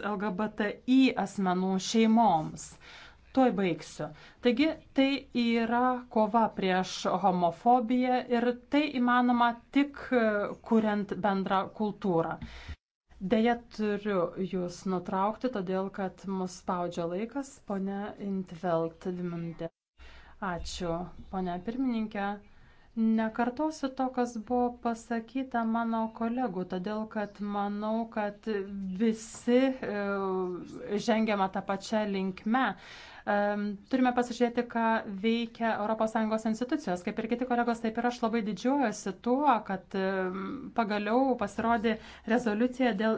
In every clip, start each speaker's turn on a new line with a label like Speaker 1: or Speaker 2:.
Speaker 1: LGBTI asmenų šeimoms. Tuoj baigsiu. Taigi tai yra kova prieš homofobiją ir tai įmanoma tik e, kuriant bendrą kultūrą. Deja, turiu jūs nutraukti, todėl kad mus spaudžia laikas, ponia Intvelt, dvi minutės. Ačiū, ponia pirmininkė. Nekartosiu to, kas buvo pasakyta mano kolegų, todėl kad manau, kad visi e, žengiama tą pačią linkmę. E, turime pasižiūrėti, ką veikia ES institucijos. Kaip ir kiti kolegos, taip ir aš labai didžiuojuosi tuo, kad e, pagaliau pasirodė rezoliucija dėl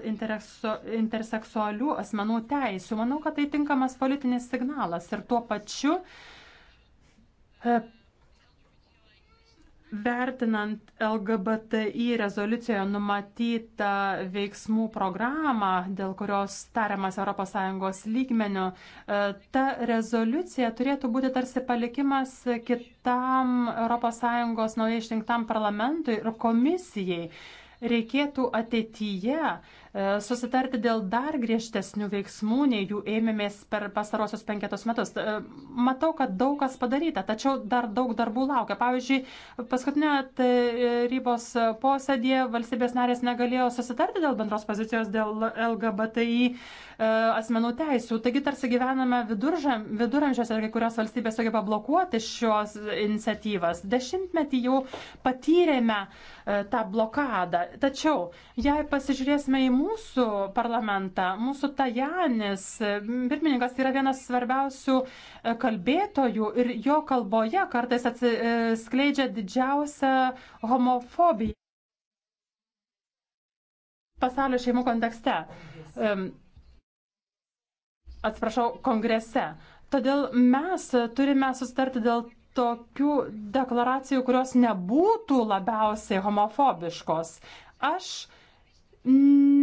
Speaker 1: interseksualių asmenų teisų. Manau, kad tai tinkamas politinis signalas ir tuo pačiu Vertinant LGBTI rezoliucijoje numatytą veiksmų programą, dėl kurios tariamas ES lygmenių, e, ta rezoliucija turėtų būti tarsi palikimas kitam ES naujai išrinktam parlamentui ir komisijai. Reikėtų ateityje E, susitarti dėl dar griežtesnių veiksmų, nei jų ėmėmės per pastarosius penketus metus. E, matau, kad daug kas padaryta, tačiau dar daug darbų laukia. Pavyzdžiui, paskutinė tarybos e, posėdė valstybės narės negalėjo susitarti dėl bendros pozicijos dėl LGBTI E, asmenų teisų. Taigi tarsi gyvename viduramžiuose ir kai kurios valstybės sugeba blokuoti šios iniciatyvas. Dešimtmetį jau patyrėme e, tą blokadą. Tačiau, jei pasižiūrėsime į mūsų parlamentą, mūsų Tajanis, e, pirmininkas yra vienas svarbiausių kalbėtojų ir jo kalboje kartais atskleidžia didžiausią homofobiją pasaulio šeimų kontekste. Um, atsiprašau, kongrese. Todėl mes turime sustarti dėl tokių deklaracijų, kurios nebūtų labiausiai homofobiškos. Aš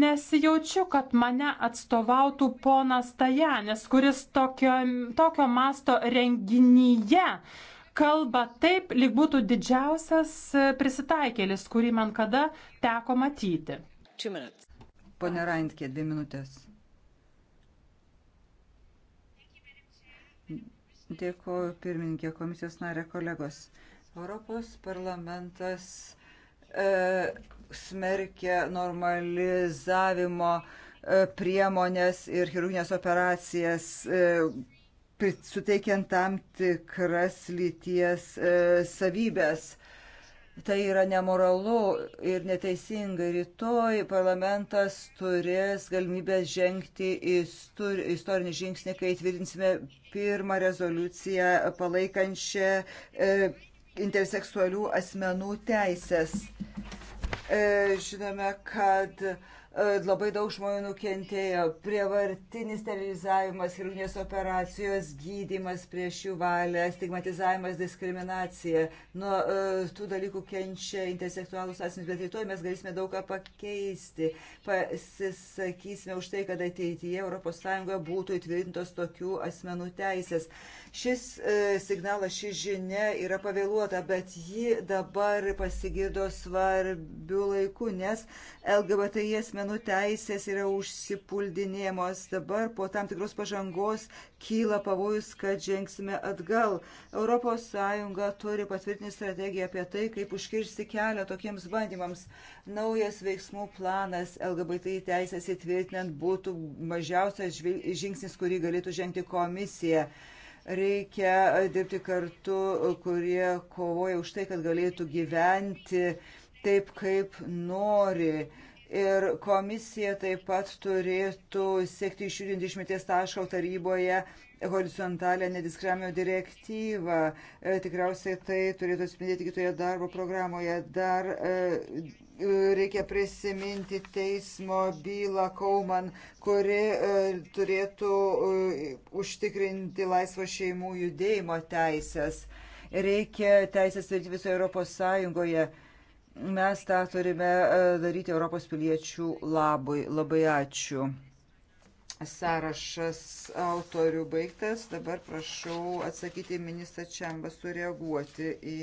Speaker 1: nesijaučiu, kad mane atstovautų ponas Tajanis, kuris tokio, tokio masto renginyje kalba taip, lyg būtų didžiausias prisitaikėlis, kurį man
Speaker 2: kada teko matyti. Pone Raintke, dvi minutės. Dėkuoju pirmininkė komisijos narė kolegos. Europos parlamentas e, smerkia normalizavimo e, priemonės ir chirurginės operacijas, e, suteikiant tam tikras lyties e, savybės Tai yra nemoralu ir neteisinga. Rytoj parlamentas turės galimybę žengti istorinį žingsnį, kai tvirtinsime pirmą rezoliuciją palaikančią e, interseksualių asmenų teisės. E, žinome, kad e, E, labai daug žmonių nukentėjo, prievartinis sterilizavimas, chirurginės operacijos, gydimas prieš jų valią, stigmatizavimas, diskriminacija. Nuo uh, tų dalykų kenčia interseksualus asmenys, bet rytoj mes galėsime daug ką pakeisti. Pasisakysime už tai, kad ateityje ES būtų įtvirtintos tokių asmenų teisės. Uh, Šis e, signalas, ši žinia yra pavėluota, bet ji dabar pasigirdo svarbių laikų, nes LGBTI asmenų teisės yra užsipuldinėjamos. Dabar po tam tikros pažangos kyla pavojus, kad žengsime atgal. ES turi patvirtinti strategiją apie tai, kaip užkirsti kelią tokiems bandymams. Naujas veiksmų planas LGBTI teisės įtvirtinant būtų mažiausias žingsnis, kurį galėtų žengti komisija. Reikia dirbti kartu, kurie kovoja už tai, kad galėtų gyventi taip, kaip nori. Ir komisija taip pat turėtų siekti išjudinti išmeties taško taryboje horizontalę nediskriminavimo direktyvą. E, tikriausiai tai turėtų atspindėti kitoje darbo programoje. Dar e, reikia prisiminti teismo bylą Kauman, kuri e, turėtų e, užtikrinti laisvą šeimų judėjimo teisės. Reikia teisės turėti visoje Europos Sąjungoje. Mes tą turime e, daryti Europos piliečių labui. Labai ačiū. Sąrašas autorių baigtas. Dabar prašau atsakyti ministrą Čembą sureaguoti į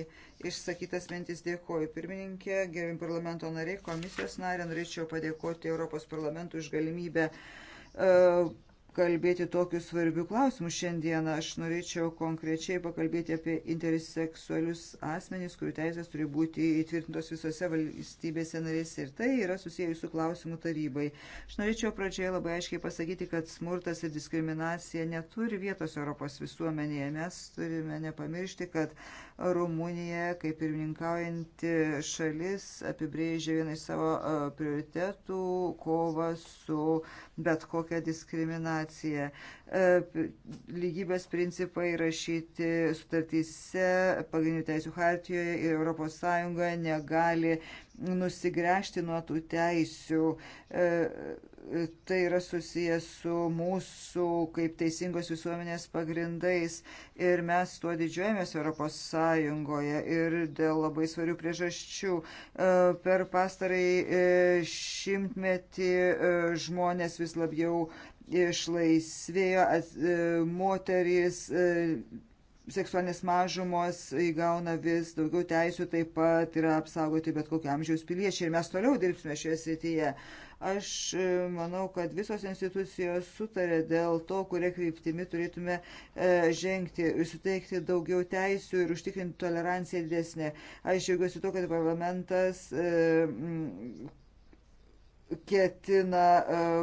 Speaker 2: išsakytas mintis. Dėkoju pirmininkė, gerbim parlamento nariai, komisijos narė. Norėčiau padėkoti Europos parlamentui už galimybę uh, kalbėti tokius svarbių klausimų šiandieną. Aš norėčiau konkrečiai pakalbėti apie interseksualius asmenys, kurių teisės turi būti įtvirtintos visose valstybėse narėse. Ir tai yra susijęs su klausimų tarybai. Aš norėčiau pradžioje labai aiškiai pasakyti, kad smurtas ir diskriminacija neturi vietos Europos visuomenėje. Mes turime nepamiršti, kad Rumunija, kaip pirmininkaujanti šalis, apibrėžė vieną iš savo e, prioritetų kovą su bet kokia diskriminacija. E, lygybės principai rašyti sutartyse, pagrindinių teisų hartijoje ir ES negali nusigręžti nuo tų teisių. E, e, tai yra susijęs su mūsų kaip teisingos visuomenės pagrindais ir mes tuo didžiuojamės Europos Sąjungoje ir dėl labai svarių priežasčių. E, per pastarąjį šimtmetį žmonės vis labiau išlaisvėjo, moterys seksualinės mažumos įgauna vis daugiau teisų, taip pat yra apsaugoti bet kokio amžiaus piliečiai ir mes toliau dirbsime šioje srityje. Aš e, manau, kad visos institucijos sutarė dėl to, kurie kryptimi turėtume e, žengti ir suteikti daugiau teisų ir užtikrinti toleranciją didesnę. Aš džiaugiuosi to, kad parlamentas e, ketina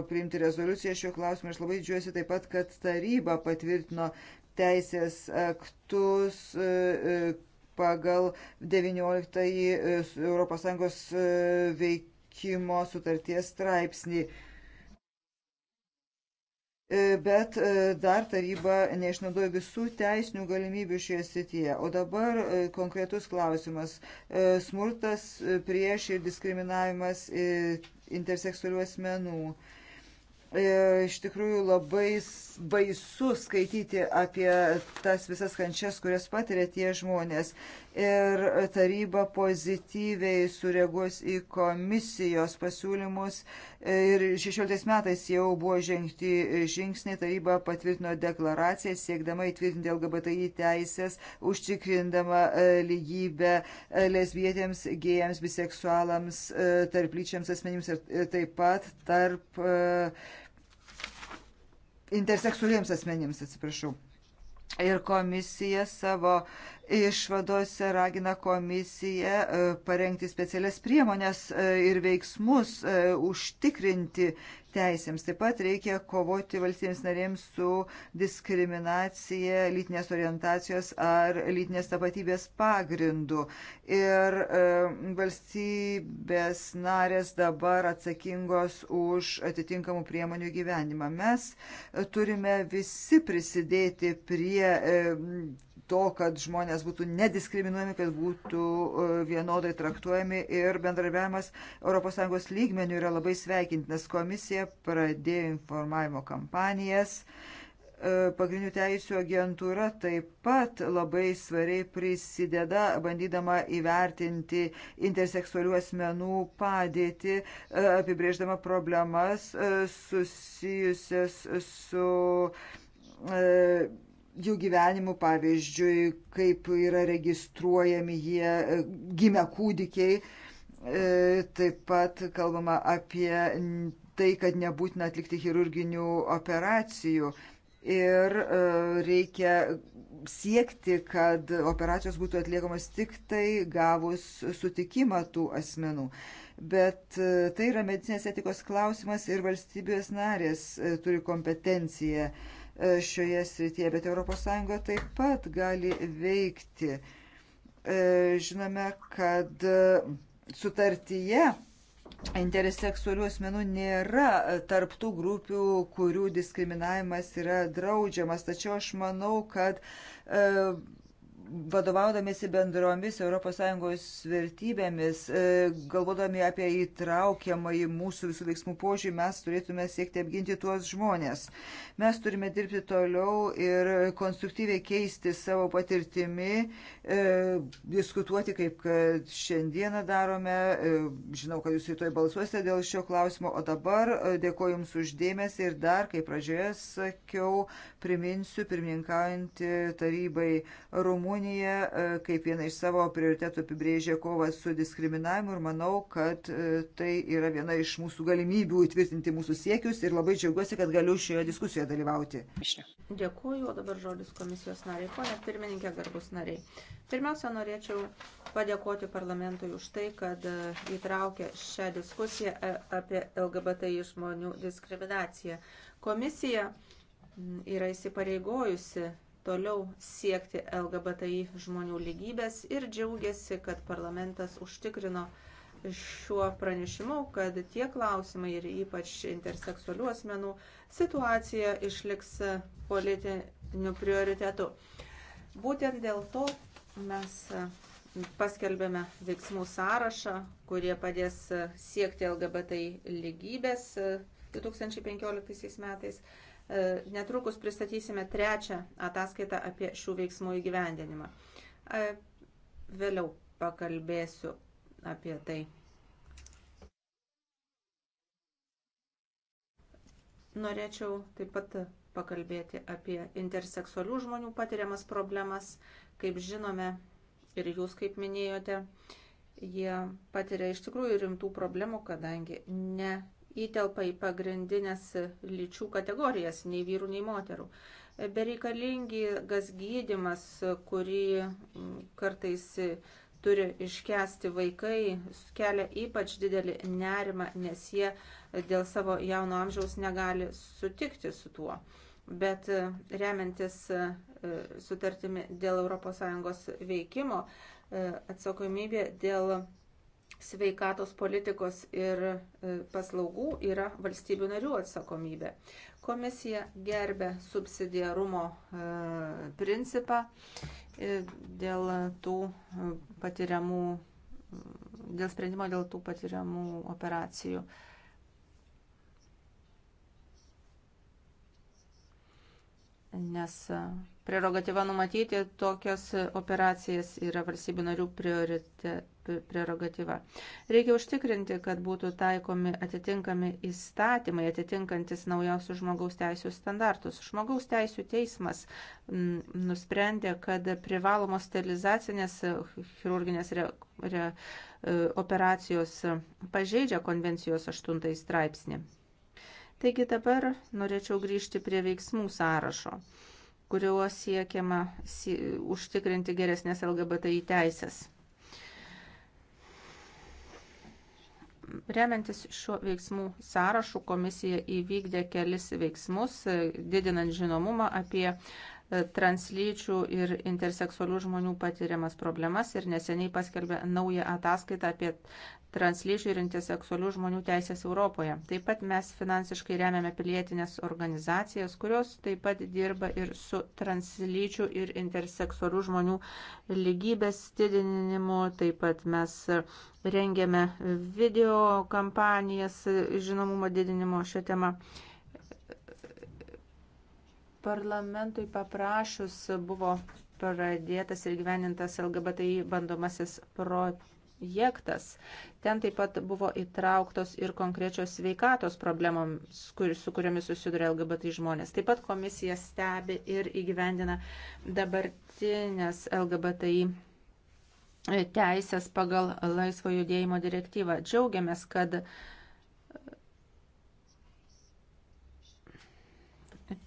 Speaker 2: priimti rezoliuciją šiuo klausimu. Aš labai džiuosi taip pat, kad taryba patvirtino teisės aktus e, e, pagal 19 ES e, veikimo sutarties straipsnį. Bet dar taryba neišnaudoja visų teisinių galimybių šioje srityje. O dabar konkretus klausimas. Smurtas prieš ir diskriminavimas interseksualių asmenų. E, iš tikrųjų labai baisu skaityti apie tas visas kančias, kurias patiria tie žmonės ir taryba pozityviai sureaguos į komisijos pasiūlymus. Ir 16 metais jau buvo žengti žingsniai, taryba patvirtino deklaraciją siekdama įtvirtinti LGBTI teisės, užtikrindama e, lygybę e, lesbietėms, gėjams, biseksualams, e, tarplyčiams asmenims ir taip pat tarp interseksualiems asmenims, atsiprašau. Ir komisija savo Išvadose ragina komisiją e, parengti specialias priemonės e, ir veiksmus e, užtikrinti teisėms. Taip pat reikia kovoti valstybėms narėms su diskriminacija lytinės orientacijos ar lytinės tapatybės pagrindu. Ir valstybės narės dabar atsakingos už atitinkamų priemonių gyvenimą. Mes turime visi prisidėti prie to, kad žmonės būtų nediskriminuojami, kad būtų e, vienodai traktuojami ir bendradarbiavimas ES lygmenių yra labai sveikintinas. Komisija pradėjo informavimo kampanijas. E, pagrindinių teisų agentūra taip pat labai svariai prisideda, bandydama įvertinti interseksualių asmenų padėtį, e, apibrėždama problemas susijusias su jų gyvenimu, pavyzdžiui, kaip yra registruojami jie gimę kūdikiai. E, taip pat kalbama apie tai, kad nebūtina atlikti chirurginių operacijų ir e, reikia siekti, kad operacijos būtų atliekamos tik tai gavus sutikimą tų asmenų bet e, tai yra medicinės etikos klausimas ir valstybės narės turi kompetenciją E, šioje srityje, bet ES taip pat gali veikti. E, žinome, kad e, sutartyje Interseksualių asmenų nėra tarptų grupių, kurių diskriminavimas yra draudžiamas, tačiau aš manau, kad e, vadovaudamėsi bendromis ES vertybėmis, e, galvodami apie įtraukiamą į mūsų visų veiksmų požiūrį, mes turėtume siekti apginti tuos žmonės. Mes turime dirbti toliau ir konstruktyviai keisti savo patirtimi, e, diskutuoti, kaip kad šiandieną darome. E, žinau, kad jūs rytoj balsuosite dėl šio klausimo, o dabar dėkoju Jums uždėmesi ir dar, kaip pradžioje sakiau, priminsiu pirmininkaujantį tarybai Rumuniją. Rumunija e, kaip viena iš savo prioritetų apibrėžė kovą su diskriminavimu ir manau, kad e, tai yra viena iš mūsų galimybių įtvirtinti mūsų siekius ir labai džiaugiuosi, kad galiu šioje diskusijoje dalyvauti.
Speaker 3: Dėkuoju, o dabar žodis komisijos nariai. Pone pirmininkė, garbus nariai. Pirmiausia, norėčiau padėkoti parlamentui už tai, kad e, įtraukė šią diskusiją apie LGBTI žmonių diskriminaciją. Komisija yra įsipareigojusi toliau siekti LGBTI žmonių lygybės ir džiaugiasi, kad parlamentas užtikrino šiuo pranešimu, kad tie klausimai ir ypač interseksualių asmenų situacija išliks politiniu prioritetu. Būtent dėl to mes paskelbėme veiksmų sąrašą, kurie padės siekti LGBTI lygybės 2015 e, metais. E, netrukus pristatysime trečią ataskaitą apie šių veiksmų įgyvendinimą. E, vėliau pakalbėsiu apie tai. Norėčiau taip pat pakalbėti apie interseksualių žmonių patiriamas problemas. Kaip žinome, ir jūs kaip minėjote, jie patiria iš tikrųjų rimtų problemų, kadangi ne įtelpa į pagrindinės lyčių kategorijas, nei vyrų, nei moterų. Bereikalingi gas gydimas, kurį mm, kartais turi iškesti vaikai, kelia ypač didelį nerimą, nes jie dėl savo jauno amžiaus negali sutikti su tuo. Bet e, remiantis e, sutartimi dėl ES veikimo, e, atsakomybė dėl sveikatos politikos ir e, paslaugų yra valstybių narių atsakomybė. Komisija gerbė subsidiarumo e, principą e, dėl tų patiriamų, dėl sprendimo dėl tų patiriamų operacijų. Nes prerogatyva numatyti tokias operacijas yra valstybių narių prioritetas prerogatyva. Reikia užtikrinti, kad būtų taikomi atitinkami įstatymai, atitinkantis naujausius žmogaus teisų standartus. Žmogaus teisų teismas m, mm, nusprendė, kad privalomos sterilizacinės chirurginės re, re, e, operacijos pažeidžia konvencijos 8 straipsnį. Taigi dabar norėčiau grįžti prie veiksmų sąrašo kuriuo siekiama si užtikrinti geresnės LGBTI teisės. Remiantis šiuo veiksmų sąrašu, komisija įvykdė kelis veiksmus, didinant žinomumą apie translyčių ir interseksualių žmonių patiriamas problemas ir neseniai paskelbė naują ataskaitą apie translyčių ir interseksualių žmonių teisės Europoje. Taip pat mes finansiškai remiame pilietinės organizacijas, kurios taip pat dirba ir su translyčių ir interseksualių žmonių lygybės didinimu. Taip pat mes rengiame video kampanijas žinomumo didinimo šią temą. Parlamentui paprašus buvo pradėtas ir gyvenintas LGBTI bandomasis projektas. Ten taip pat buvo įtrauktos ir konkrečios sveikatos problemoms, kur, su kuriomis susiduria LGBT žmonės. Taip pat komisija stebi ir įgyvendina dabartinės LGBTI teisės pagal laisvo judėjimo direktyvą. Džiaugiamės, kad uh,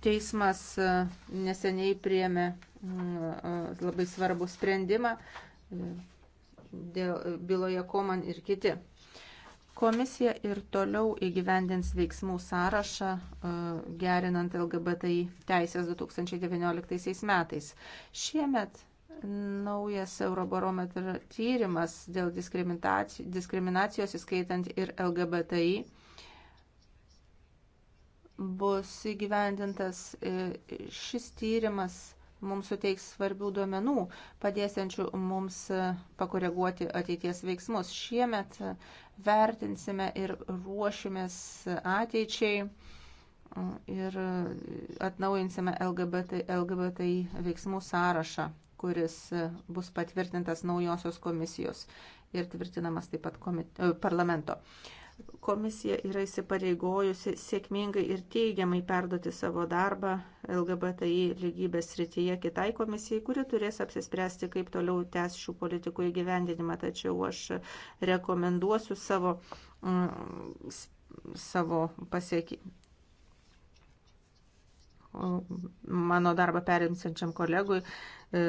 Speaker 3: Teismas e, neseniai priėmė e, labai svarbų sprendimą e, dėl byloje Koman ir kiti. Komisija ir toliau įgyvendins veiksmų sąrašą, gerinant LGBTI teisės 2019 metais. Šiemet naujas Eurobarometro tyrimas dėl diskriminacijos, įskaitant ir LGBTI, bus įgyvendintas e, šis tyrimas mums suteiks svarbių duomenų, padėsiančių mums e, pakoreguoti ateities veiksmus. Šiemet e, vertinsime ir ruošimės ateičiai ir atnaujinsime LGBT, LGBTI veiksmų sąrašą, kuris bus patvirtintas naujosios komisijos ir tvirtinamas taip pat komite, parlamento. Komisija yra įsipareigojusi sėkmingai ir teigiamai perduoti savo darbą LGBTI lygybės srityje kitai komisijai, kuri turės apsispręsti, kaip toliau tęs šių politikų įgyvendinimą. Tačiau aš rekomenduosiu savo, mm, savo pasiekį mano darbą perimsiančiam kolegui, e,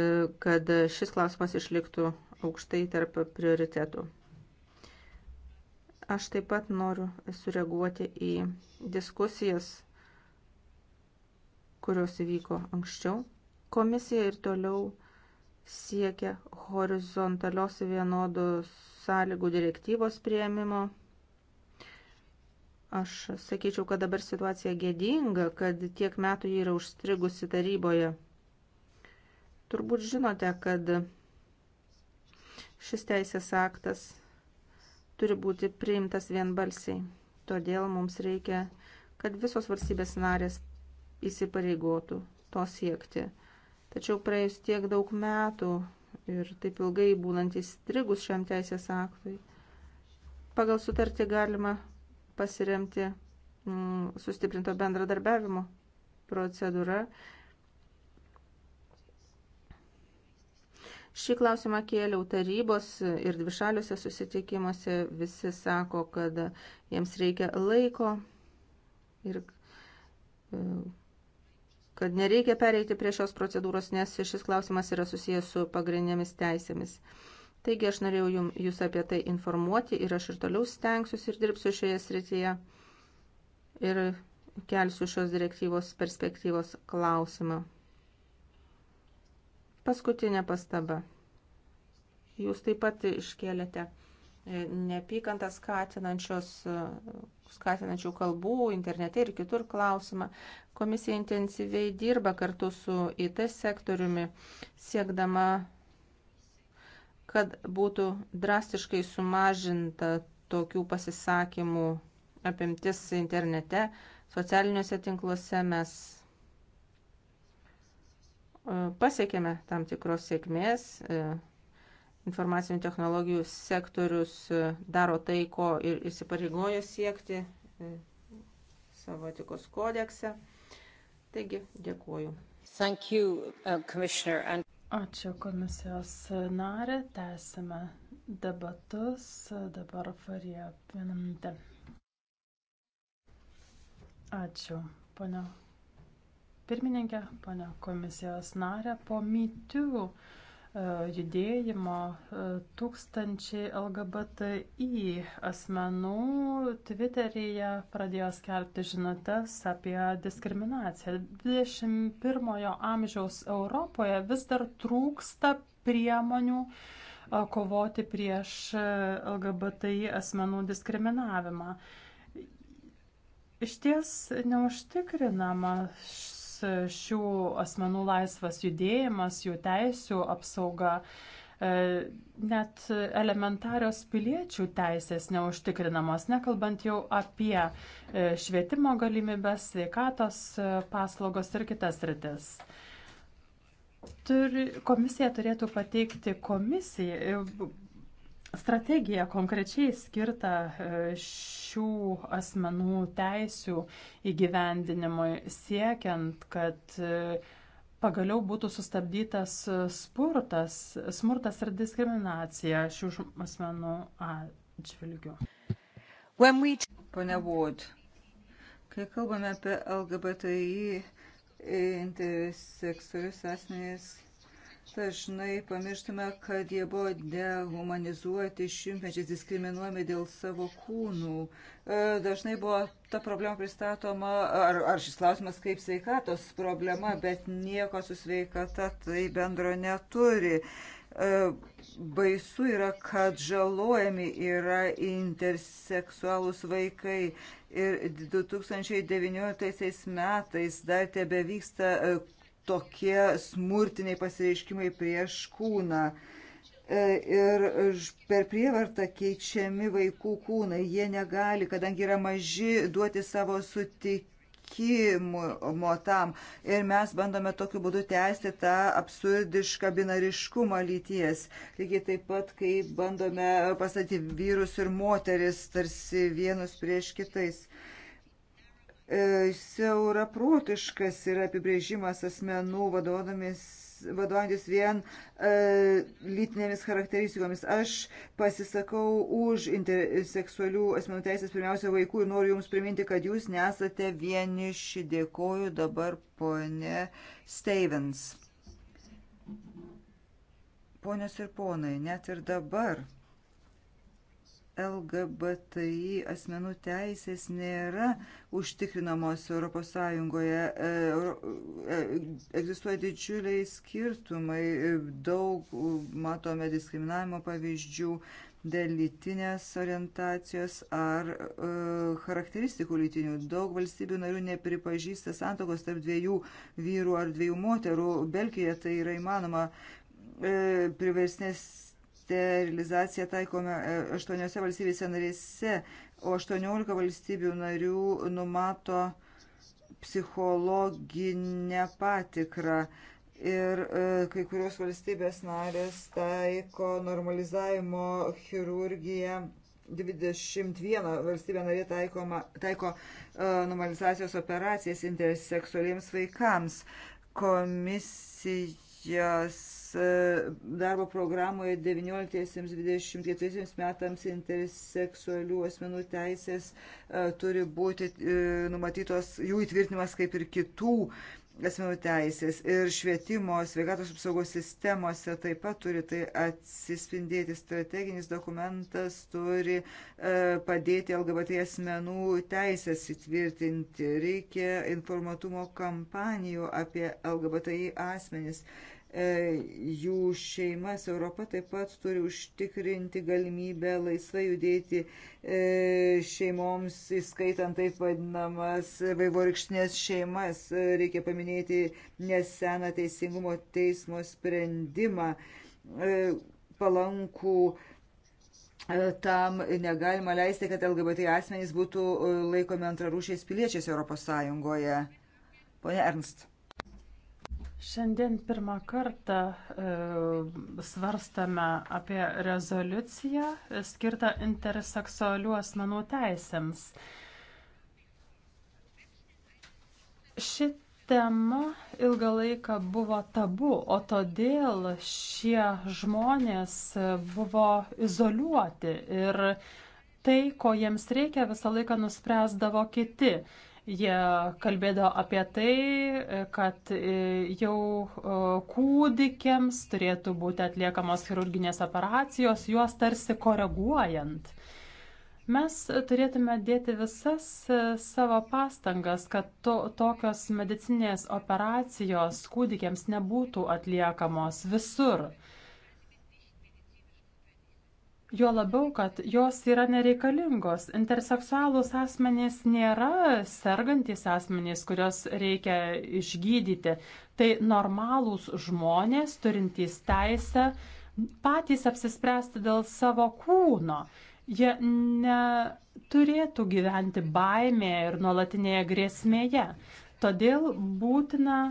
Speaker 3: kad šis klausimas išliktų aukštai tarp prioritetų. Aš taip pat noriu sureaguoti į diskusijas, kurios įvyko anksčiau. Komisija ir toliau siekia horizontalios vienodų sąlygų direktyvos prieimimo. Aš sakyčiau, kad dabar situacija gėdinga, kad tiek metų jį yra užstrigusi taryboje. Turbūt žinote, kad šis teisės aktas turi būti priimtas vienbalsiai. Todėl mums reikia, kad visos valstybės narės įsipareigotų to siekti. Tačiau praėjus tiek daug metų ir taip ilgai būnant įstrigus šiam teisės aktui, pagal sutartį galima pasiremti mm, sustiprinto bendradarbiavimo procedūra Šį klausimą kėliau tarybos ir dvišaliuose susitikimuose. Visi sako, kad jiems reikia laiko ir e, kad nereikia pereiti prie šios procedūros, nes šis klausimas yra susijęs su pagrindinėmis teisėmis. Taigi aš norėjau jum, jūs apie tai informuoti ir aš ir toliau stengsiuosi ir dirbsiu šioje srityje ir kelsiu šios direktyvos perspektyvos klausimą. Paskutinė pastaba. Jūs taip pat iškėlėte e, neapykantą e, skatinančių kalbų internete ir kitur klausimą. Komisija intensyviai dirba kartu su IT sektoriumi, siekdama, kad būtų drastiškai sumažinta tokių pasisakymų apimtis internete, socialiniuose tinkluose. Mes E, pasiekėme tam tikros sėkmės. E, informacinių technologijų sektorius e, daro tai, ko ir įsipareigojo siekti savo etikos kodekse. Taigi, dėkuoju. Thank you, uh, Commissioner. And...
Speaker 1: Ačiū komisijos narė. Tęsime debatus. Dabar Farija vieną minutę. Ačiū, ponia pirmininkė, pane komisijos narė, po mytių e, judėjimo e, tūkstančiai LGBTI asmenų Twitteryje pradėjo skelbti žinutes apie diskriminaciją. 21 amžiaus Europoje vis dar trūksta priemonių e, kovoti prieš LGBTI asmenų diskriminavimą. Iš ties neužtikrinama šių asmenų laisvas judėjimas, jų teisių apsauga, e, net elementarios piliečių teisės neužtikrinamos, nekalbant jau apie e, švietimo galimybės, sveikatos e, paslaugos ir kitas rytis. Turi, komisija turėtų pateikti komisijai, strategiją konkrečiai skirtą e, šių asmenų teisių įgyvendinimui, siekiant, kad e, pagaliau būtų sustabdytas e, spurtas, smurtas ir diskriminacija šių asmenų atžvilgių.
Speaker 2: We... Pone Vod, kai kalbame apie LGBTI interseksualius asmenys, Dažnai pamirštame, kad jie buvo dehumanizuoti šimtmečiais, diskriminuojami dėl savo kūnų. E, dažnai buvo ta problema pristatoma, ar, ar šis klausimas kaip sveikatos problema, bet nieko su sveikata tai bendro neturi. E, baisu yra, kad žalojami yra interseksualūs vaikai. Ir 2019 metais dar tebe vyksta e, tokie smurtiniai pasireiškimai prieš kūną. E, ir per prievartą keičiami vaikų kūnai, jie negali, kadangi yra maži, duoti savo sutikimo tam. Ir mes bandome tokiu būdu tęsti tą absurdišką binariškumą lyties. Lygiai taip pat, kai bandome pasakyti vyrus ir moteris tarsi vienus prieš kitais. Uh, E, siauraprotiškas yra apibrėžimas asmenų vadovantis vien e, lytinėmis charakteristikomis. Aš pasisakau už interseksualių asmenų teisės, pirmiausia, vaikų ir noriu Jums priminti, kad Jūs nesate vieniši. Dėkoju dabar, ponė Stevens. Ponios ir ponai, net ir dabar LGBTI asmenų teisės nėra užtikrinamos ES. E, e, egzistuoja didžiuliai skirtumai, daug matome diskriminavimo pavyzdžių dėl lytinės orientacijos ar e, charakteristikų lytinių. Daug valstybių narių nepripažįsta santokos tarp dviejų vyrų ar dviejų moterų. Belgijoje tai yra įmanoma e, priversnės sterilizaciją taikome 8 e, valstybėse narėse, o 18 valstybių narių numato psichologinę patikrą. Ir e, kai kurios valstybės narės taiko normalizavimo chirurgiją 21 valstybė narė taikoma, taiko uh, normalizacijos operacijas interseksualiems vaikams. Komisijos E, darbo programoje 19-24 metams interseksualių asmenų teisės e, turi būti e, numatytos jų įtvirtinimas kaip ir kitų asmenų teisės ir švietimo, sveikatos apsaugos sistemose taip pat turi tai atsispindėti. Strateginis dokumentas turi e, padėti LGBT asmenų teisės įtvirtinti. Reikia informatumo kampanijų apie LGBTI asmenis. E, jų šeimas. Europa taip pat turi užtikrinti galimybę laisvai judėti e, šeimoms, įskaitant taip vadinamas vaivorykštinės šeimas. E, reikia paminėti neseną teisingumo teismo sprendimą palankų tam negalima leisti, kad LGBT asmenys būtų laikomi antrarūšiais piliečiais ES. Pone Ernst. Šiandien pirmą kartą e,
Speaker 1: svarstame apie rezoliuciją skirtą interseksualių asmenų teisėms. Ši tema ilgą laiką buvo tabu, o todėl šie žmonės buvo izoliuoti ir tai, ko jiems reikia, visą laiką nuspręsdavo kiti. E, Jie kalbėdavo apie tai, kad e, jau e, kūdikiams turėtų būti atliekamos chirurginės operacijos, juos tarsi koreguojant. Mes turėtume dėti visas e, savo pastangas, kad to, tokios medicinės operacijos kūdikiams nebūtų atliekamos visur. Jo labiau, kad jos yra nereikalingos. Interseksualus asmenys nėra sergantis asmenys, kurios reikia išgydyti. Tai normalūs žmonės turintys teisę patys apsispręsti dėl savo kūno. Jie neturėtų gyventi baimėje ir nuolatinėje grėsmėje. Todėl būtina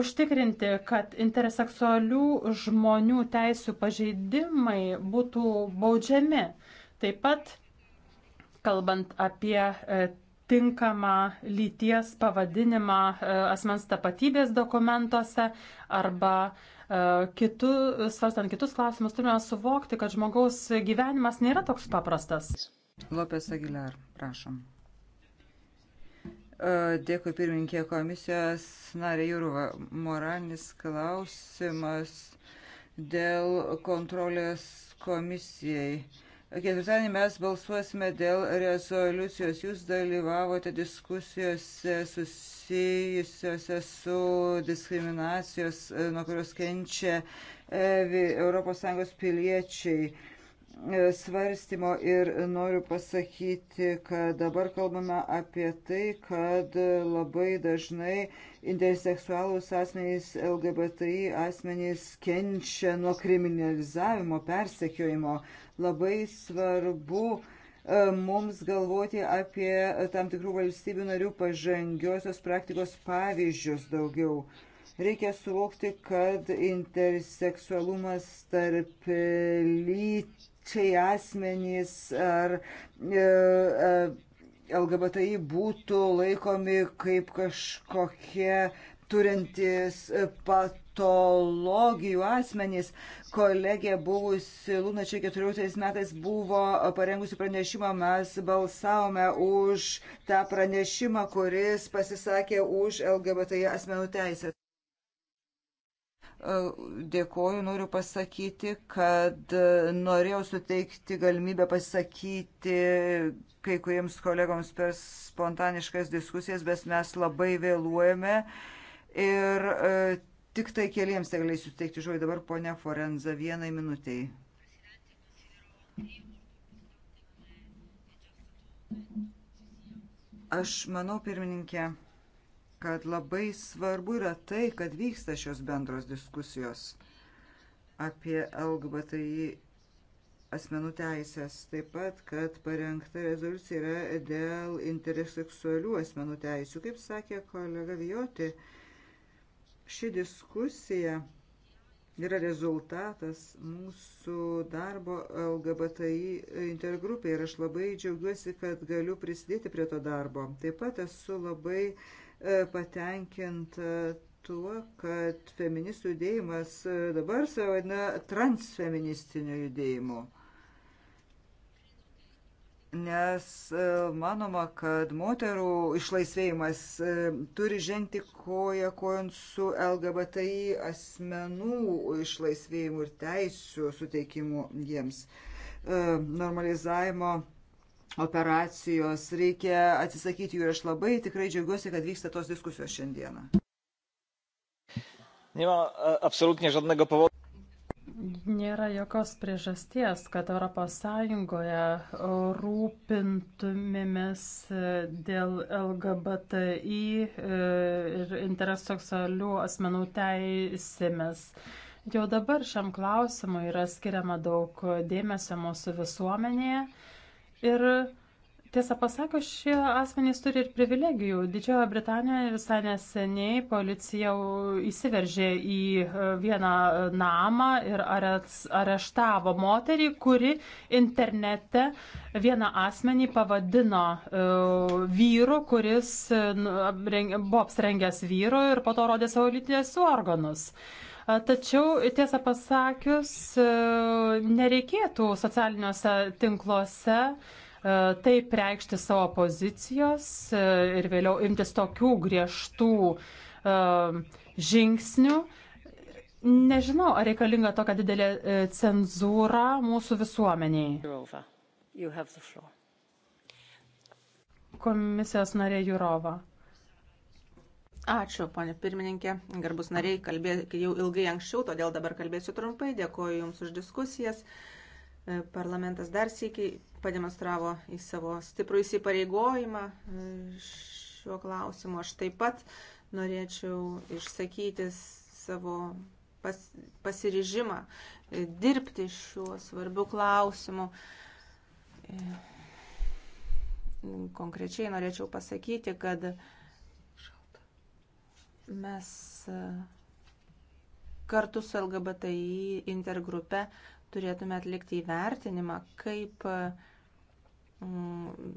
Speaker 1: užtikrinti, kad interseksualių žmonių teisų pažeidimai būtų baudžiami. Taip pat, kalbant apie e, tinkamą lyties pavadinimą e, asmens tapatybės dokumentuose arba e, kitų, svarstant kitus klausimus, turime suvokti, kad žmogaus gyvenimas nėra toks
Speaker 2: paprastas. Lopės Aguilar, prašom. Dėkui pirmininkė komisijos narė Jūruva. Moralinis klausimas dėl kontrolės komisijai. Ketvirtadienį mes balsuosime dėl rezoliucijos. Jūs dalyvavote diskusijose susijusiose su diskriminacijos, nuo kurios kenčia ES piliečiai. E, svarstymo ir noriu pasakyti, kad dabar kalbame apie tai, kad labai dažnai interseksualūs asmenys, LGBTI asmenys kenčia nuo kriminalizavimo, persekiojimo. Labai svarbu, e, mums galvoti apie tam tikrų valstybių narių pažangiosios praktikos pavyzdžius daugiau. Reikia suvokti, kad interseksualumas tarp lyt konkrečiai asmenys ar e, e, LGBTI būtų laikomi kaip kažkokie turintis patologijų asmenys. Kolegė buvusi Lunačiai 14 metais buvo parengusi pranešimą, mes balsavome už tą pranešimą, kuris pasisakė už LGBT asmenų teisę dėkoju, noriu pasakyti, kad norėjau suteikti galimybę pasakyti kai kuriems kolegoms per spontaniškas diskusijas, bet mes labai vėluojame ir e, tik tai keliems tai galėsiu suteikti žodį dabar ponia Forenza vienai minutiai. Aš manau, pirmininkė, kad labai svarbu yra tai, kad vyksta šios bendros diskusijos apie LGBTI asmenų teisės, taip pat, kad parengta rezoliucija yra dėl interseksualių asmenų teisų. Kaip sakė kolega Vijoti, ši diskusija yra rezultatas mūsų darbo LGBTI intergrupė ir aš labai džiaugiuosi, kad galiu prisidėti prie to darbo. Taip pat esu labai uh, E, patenkinta e, tuo, kad feministų judėjimas e, dabar save vadina transfeministiniu judėjimu. Nes manoma, kad moterų išlaisvėjimas turi žengti koja kojant su LGBTI asmenų išlaisvėjimu ir teisų suteikimu jiems normalizavimo operacijos, reikia atsisakyti jų ir aš labai tikrai džiaugiuosi, kad vyksta tos diskusijos šiandieną. Nėra e, absoliutnie žadnego povodu.
Speaker 1: Nėra jokios priežasties, kad ES rūpintumėmės e, dėl LGBTI e, ir interseksualių asmenų teisėmis. Jau dabar šiam klausimui yra skiriama daug dėmesio mūsų visuomenėje. Ir tiesą pasakius, šie asmenys turi ir privilegijų. Didžiojo Britanijoje visai neseniai policija įsiveržė į e, vieną e, namą ir areštavo moterį, kuri internete vieną asmenį pavadino e, vyru, kuris nu, buvo apsirengęs vyru ir po to rodė savo lyties organus. Uh, Tačiau, tiesą pasakius, e, nereikėtų socialiniuose tinkluose e, taip reikšti savo pozicijos e, ir vėliau imtis tokių griežtų žingsnių. Nežinau, ar reikalinga tokia didelė cenzūra mūsų visuomeniai. Komisijos narė Jurova.
Speaker 3: Ačiū, ponė pirmininkė. Garbus nariai, kalbėjau jau ilgai anksčiau, todėl dabar kalbėsiu trumpai. Dėkuoju Jums už diskusijas. E, Parlamentas dar sėkiai pademonstravo į savo stiprų įsipareigojimą e, šiuo klausimu. Aš taip pat norėčiau išsakyti savo pas, pasirižimą e, dirbti šiuo svarbiu klausimu. Konkrečiai norėčiau pasakyti, kad Mes e, kartu su LGBTI intergrupe turėtume atlikti įvertinimą, kaip e, mm,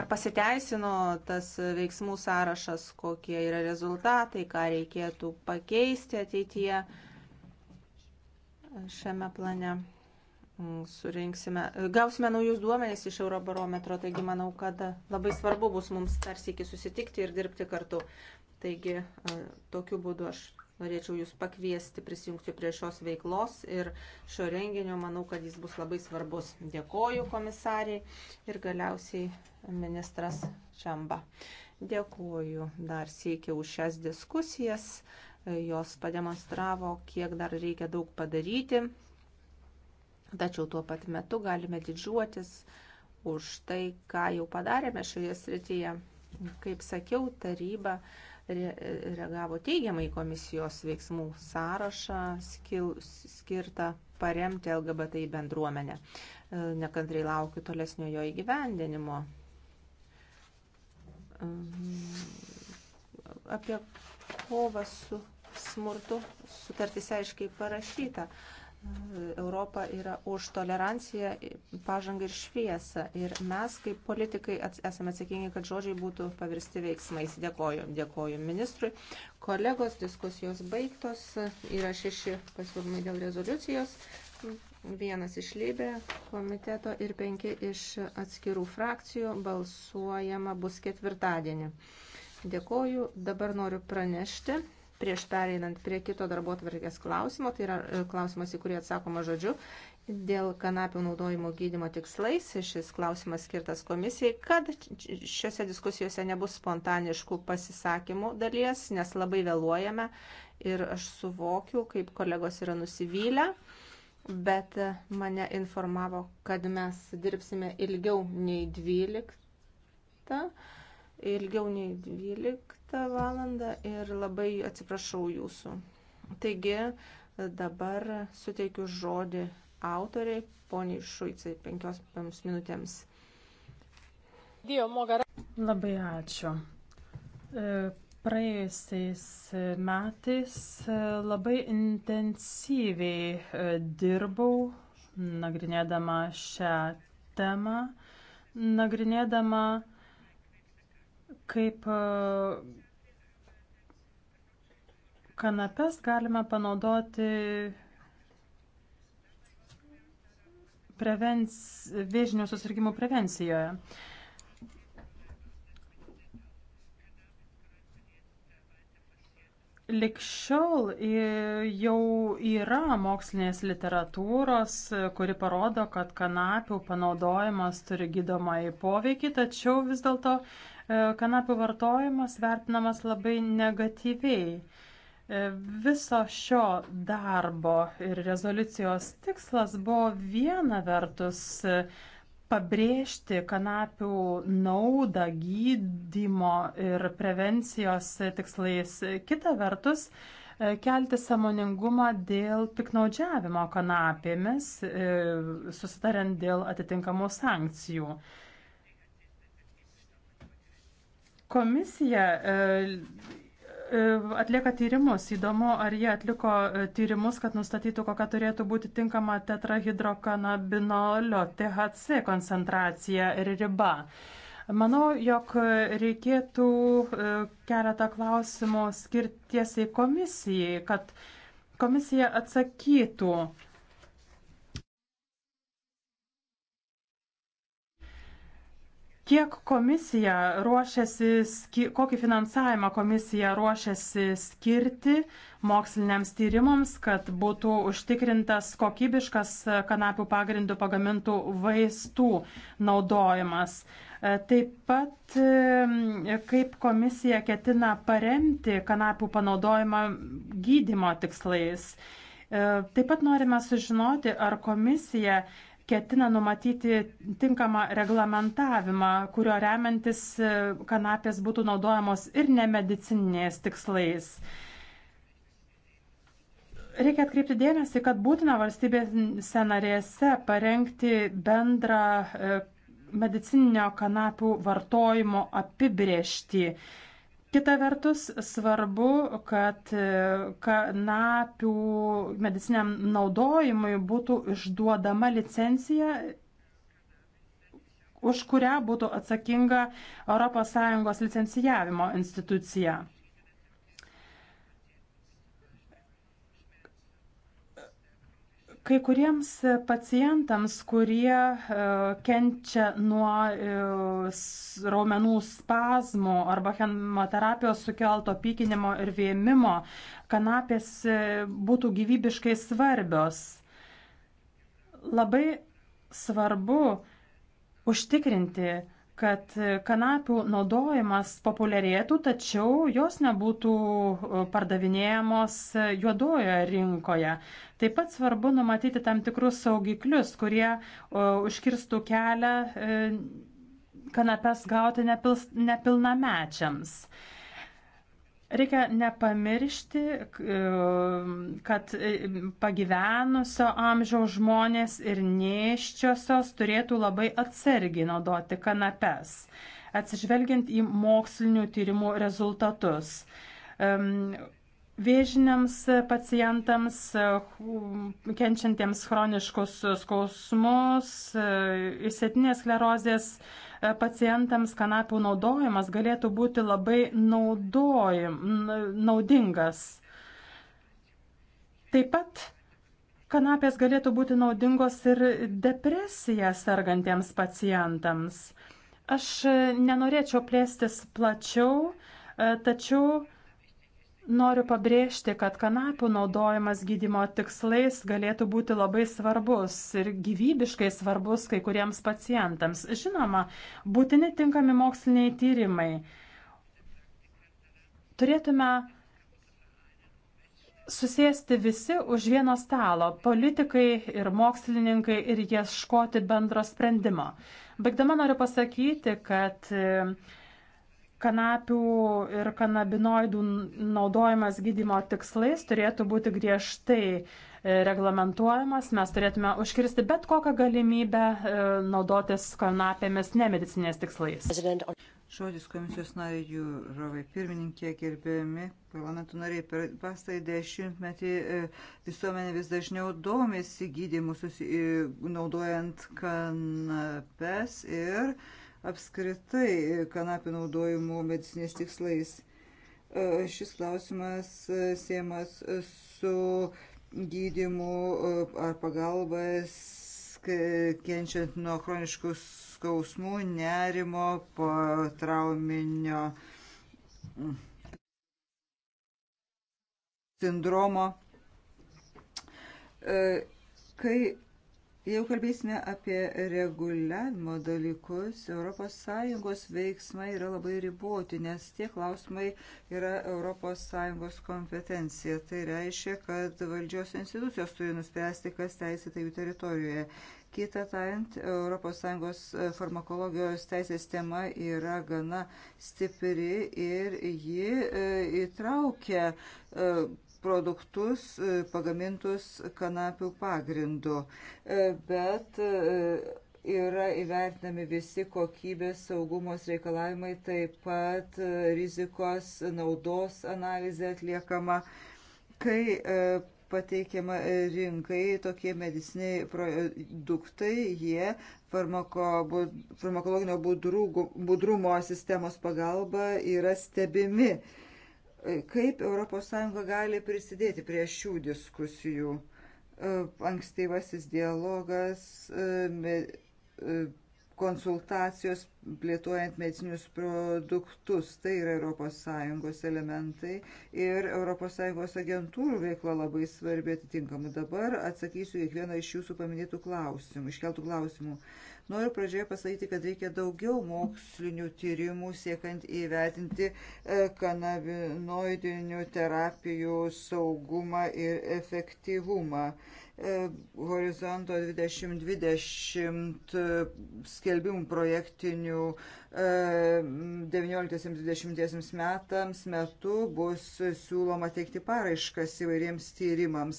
Speaker 3: ar pasiteisino tas veiksmų sąrašas, kokie yra rezultatai, ką reikėtų pakeisti ateityje šiame plane. Mm, surinksime, gausime naujus duomenys iš Eurobarometro, taigi manau, kad labai svarbu bus mums tarsi iki susitikti ir dirbti kartu. Taigi, tokiu būdu aš norėčiau Jūs pakviesti prisijungti prie šios veiklos ir šio renginio. Manau, kad jis bus labai svarbus. Dėkoju komisariai ir galiausiai ministras Čamba. Dėkoju dar siekiau už šias diskusijas. Jos pademonstravo, kiek dar reikia daug padaryti. Tačiau tuo pat metu galime didžiuotis už tai, ką jau padarėme šioje srityje. Kaip sakiau, taryba uh, reagavo teigiamai komisijos veiksmų sąrašą skil, skirtą paremti LGBTI bendruomenę. E, Nekantrai laukiu tolesnio jo įgyvendinimo. E, apie kovą su smurtu sutartys aiškiai parašyta. Europa yra už toleranciją, pažangą ir šviesą. Ir mes, kaip politikai, esame atsakingi, kad žodžiai būtų pavirsti veiksmais. Dėkoju. Dėkoju ministrui. Kolegos, diskusijos baigtos. Yra šeši pasiūlymai dėl rezoliucijos. Vienas iš lybė komiteto ir penki iš atskirų frakcijų. Balsuojama bus ketvirtadienį. Dėkoju. Dabar noriu pranešti prieš pereinant prie kito darbo tvarkės klausimo, tai yra e, klausimas, į kurį atsakoma žodžiu, dėl kanapių naudojimo gydimo tikslais. Šis klausimas skirtas komisijai, kad šiuose diskusijose nebus spontaniškų pasisakymų dalies, nes labai vėluojame ir aš suvokiu, kaip kolegos yra nusivylę. Bet mane informavo, kad mes dirbsime ilgiau nei 12 ilgiau nei 12 valandą ir labai atsiprašau jūsų. Taigi dabar suteikiu žodį autoriai, poniai Šuicai, penkioms minutėms.
Speaker 1: Labai ačiū. E, praėjusiais metais e, labai intensyviai e, dirbau nagrinėdama šią temą, nagrinėdama kaip e, kanapes galime panaudoti prevenc... vėžinių susirgymų prevencijoje. Likščiol e, jau yra mokslinės literatūros, e, kuri parodo, kad kanapių panaudojimas turi gydomąjį poveikį, tačiau vis dėlto E, kanapių vartojimas vertinamas labai negatyviai. E, viso šio darbo ir rezoliucijos tikslas buvo viena vertus e, pabrėžti kanapių naudą gydymo ir prevencijos tikslais, kita vertus kelti samoningumą dėl piknaudžiavimo kanapėmis, susitariant dėl atitinkamų sankcijų. Komisija e, e, atlieka tyrimus. Įdomu, ar jie atliko e, tyrimus, kad nustatytų, kokia turėtų būti tinkama tetrahidrokanabinolio THC koncentracija ir riba. Manau, jog reikėtų keletą klausimų skirti tiesiai komisijai, kad komisija atsakytų, Kiek komisija ruošiasi, kokį finansavimą komisija ruošiasi skirti moksliniams tyrimams, kad būtų užtikrintas kokybiškas kanapių pagrindų pagamintų vaistų naudojimas. E, taip pat, e, kaip komisija ketina paremti kanapių panaudojimą gydimo tikslais. E, taip pat norime sužinoti, ar komisija ketina numatyti tinkamą reglamentavimą, kurio remiantis e, kanapės būtų naudojamos ir nemedicinės tikslais. Reikia atkreipti dėmesį, kad būtina valstybėse narėse parengti bendrą e, medicininio kanapių vartojimo apibriešti. Kita vertus, svarbu, kad e, kanapių mediciniam naudojimui būtų išduodama licencija, už kurią būtų atsakinga ES licencijavimo institucija. Kai kuriems e, pacientams, kurie e, kenčia nuo e, raumenų spazmų arba chemoterapijos sukelto pykinimo ir vėmimo, kanapės būtų gyvybiškai svarbios. Labai svarbu užtikrinti, kad kanapių naudojimas populiarėtų, tačiau jos nebūtų e, pardavinėjamos e, juodojoje rinkoje. Taip pat svarbu numatyti tam tikrus saugiklius, kurie e, užkirstų kelią kanapes gauti nepil, nepilnamečiams. Uh, Reikia nepamiršti, e, kad e, pagyvenusio amžiaus žmonės ir nėščiosios turėtų labai atsargiai naudoti kanapes, atsižvelgiant į mokslinių tyrimų rezultatus. Vėžiniams pacientams, kenčiantiems chroniškus skausmus, įsėtinės e, sklerozės pacientams kanapių naudojimas galėtų būti labai naudojim, naudingas. Taip pat kanapės galėtų būti naudingos ir depresiją sergantiems pacientams. Aš nenorėčiau plėstis plačiau, e, tačiau Noriu pabrėžti, kad kanapių naudojimas gydimo tikslais galėtų būti labai svarbus ir gyvybiškai svarbus kai kuriems pacientams. Žinoma, būtini tinkami moksliniai tyrimai. Turėtume susėsti visi už vieno stalo - politikai ir mokslininkai ir ieškoti bendro sprendimo. Baigdama noriu pasakyti, kad e, kanapių ir kanabinoidų naudojimas gydimo tikslais turėtų būti griežtai e, reglamentuojamas. Mes turėtume užkirsti bet kokią galimybę e, naudotis kanapėmis
Speaker 2: nemedicinės tikslais. Žodis komisijos narių rovai pirmininkė gerbiami parlamentų nariai per pastarąjį dešimtmetį e, visuomenė vis dažniau domėsi gydymu naudojant kanapes ir uh, apskritai kanapį naudojimų medicinės tikslais. E, šis klausimas e, siemas su gydimu e, ar pagalbas kenčiant nuo chroniškų skausmų, nerimo, trauminio mm, sindromo. Kai Jau kalbėsime apie reguliavimo dalykus. ES veiksmai yra labai riboti, nes tie klausimai yra ES kompetencija. Tai reiškia, kad valdžios institucijos turi nuspręsti, kas teisėta jų teritorijoje. Kita tariant, ES e, farmakologijos teisės tema yra gana stipri ir ji e, įtraukia e, produktus e, pagamintus kanapių pagrindu, e, bet e, yra įvertinami visi kokybės saugumos reikalavimai, taip pat rizikos naudos analizė atliekama. Kai pateikiama rinkai tokie mediciniai produktai, jie farmako, farmakologinio budrumo sistemos pagalba yra stebimi. Uh, Kaip ES gali prisidėti prie šių diskusijų? E, ankstyvasis dialogas, e, e, konsultacijos plėtojant medicinius produktus. Tai yra ES elementai ir ES agentūrų veikla labai svarbi atitinkamai. Dabar atsakysiu kiekvieną iš jūsų paminėtų klausimų, iškeltų klausimų. Noriu pradžioje pasakyti, kad reikia daugiau mokslinių tyrimų siekant įvertinti e, kanabinoidinių terapijų saugumą ir efektyvumą. E, Horizonto 2020 e, skelbimų projektinių 19-20 metams metu bus siūloma teikti paraiškas įvairiems tyrimams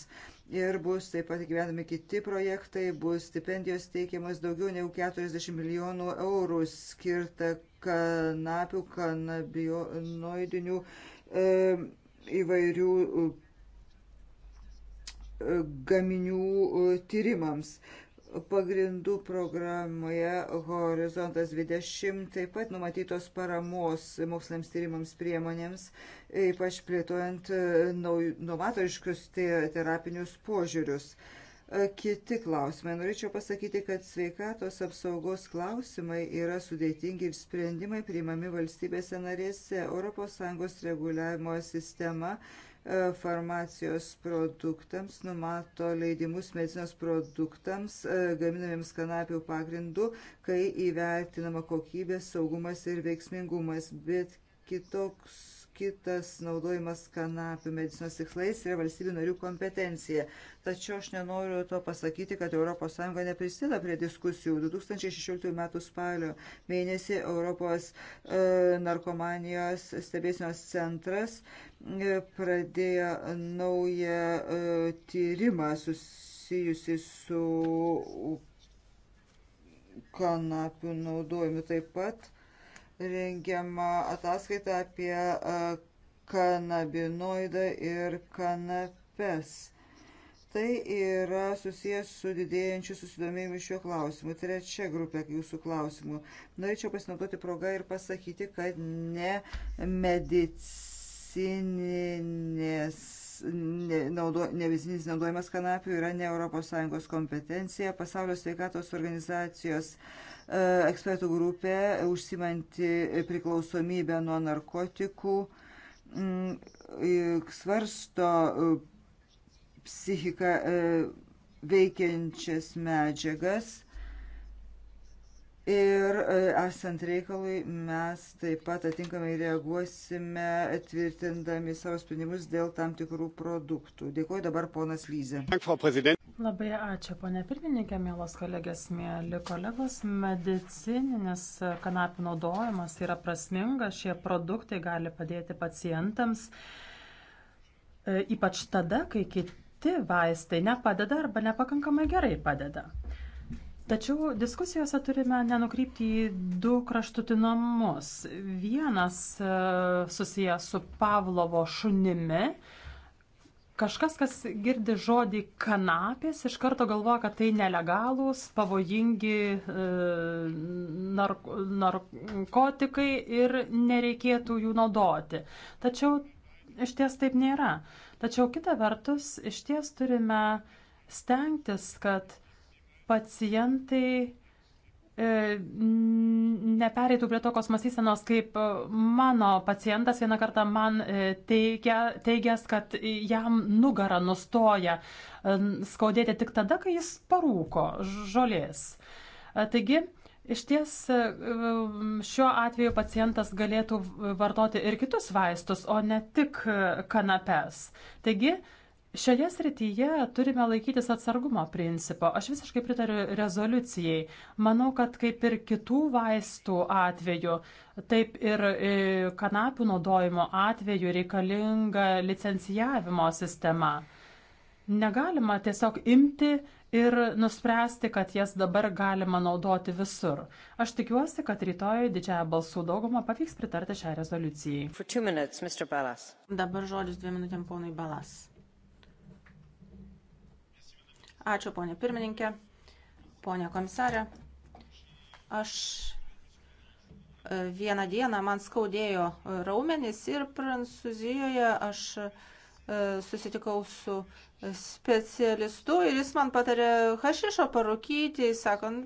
Speaker 2: ir bus taip pat gyvenami kiti projektai, bus stipendijos teikiamas daugiau negu 40 milijonų eurų skirta kanapių, kanabinoidinių e, įvairių e, gaminių e, tyrimams pagrindų programoje Horizontas 20 taip pat numatytos paramos moksliniams tyrimams priemonėms, ypač plėtojant e, novatoriškus terapinius požiūrius. E, kiti klausimai. Norėčiau pasakyti, kad sveikatos apsaugos klausimai yra sudėtingi ir sprendimai priimami valstybėse narėse. ES reguliavimo sistema E, farmacijos produktams, numato leidimus medicinos produktams e, gaminamiems kanapių pagrindų, kai įvertinama kokybė, saugumas ir veiksmingumas, bet kitoks kitas naudojimas kanapių medicinos tikslais yra valstybių narių kompetencija. Tačiau aš nenoriu to pasakyti, kad ES neprisida prie diskusijų. 2016 m. spalio mėnesį Europos e, narkomanijos stebėsinos centras e, pradėjo naują e, tyrimą susijusi su kanapių naudojimu taip pat rengiama ataskaita apie e, kanabinoidą ir kanapes. Tai yra susijęs su didėjančiu susidomėjimu šiuo klausimu. Trečia grupė jūsų klausimų. Norėčiau pasinaudoti progą ir pasakyti, kad ne medicininės. Naudo, nevisinis naudojimas kanapių yra ne ES kompetencija. Pasaulio sveikatos organizacijos uh, E, ekspertų grupė užsimanti priklausomybę nuo narkotikų mm, svarsto e, psichiką e, veikiančias medžiagas Ir e, esant reikalui, mes taip pat atinkamai reaguosime, tvirtindami savo sprendimus dėl tam tikrų produktų. Dėkuoju dabar ponas Lyze.
Speaker 1: Labai ačiū, ponė pirmininkė, mielos kolegės, mėly kolegos. Medicininis kanapių naudojimas yra prasmingas, šie produktai gali padėti pacientams, e, ypač tada, kai kiti vaistai nepadeda arba nepakankamai gerai padeda. Tačiau diskusijose turime nenukrypti į du kraštutinumus. Vienas e, susijęs su Pavlovo šunimi. Kažkas, kas girdi žodį kanapės, iš karto galvoja, kad tai nelegalūs, pavojingi e, nark narkotikai ir nereikėtų jų naudoti. Tačiau iš ties taip nėra. Tačiau kita vertus, iš ties turime stengtis, kad pacientai e, nepereitų prie tokios mąstysenos, kaip e, mano pacientas vieną kartą man e, teigia, teigęs, kad jam nugarą nustoja skaudėti tik tada, kai jis parūko žolės. Taigi, Iš ties šiuo atveju pacientas galėtų vartoti ir kitus vaistus, o ne tik kanapes. Taigi Šioje srityje turime laikytis atsargumo principo. Aš visiškai pritariu rezoliucijai. Manau, kad kaip ir kitų vaistų atveju, taip ir e, kanapių naudojimo atveju reikalinga licencijavimo sistema. Negalima tiesiog imti ir nuspręsti, kad jas dabar galima naudoti visur. Aš tikiuosi, kad rytoj didžiąją balsų daugumą pavyks pritarti šią rezoliucijai. Minutes, Dabar žodis dvi minutėm ponui Balas.
Speaker 3: Ačiū, ponė pirmininkė, ponė komisarė. Aš e, vieną dieną man skaudėjo raumenis ir Prancūzijoje aš e, susitikau su specialistu ir jis man patarė hašišo parūkyti, sakant,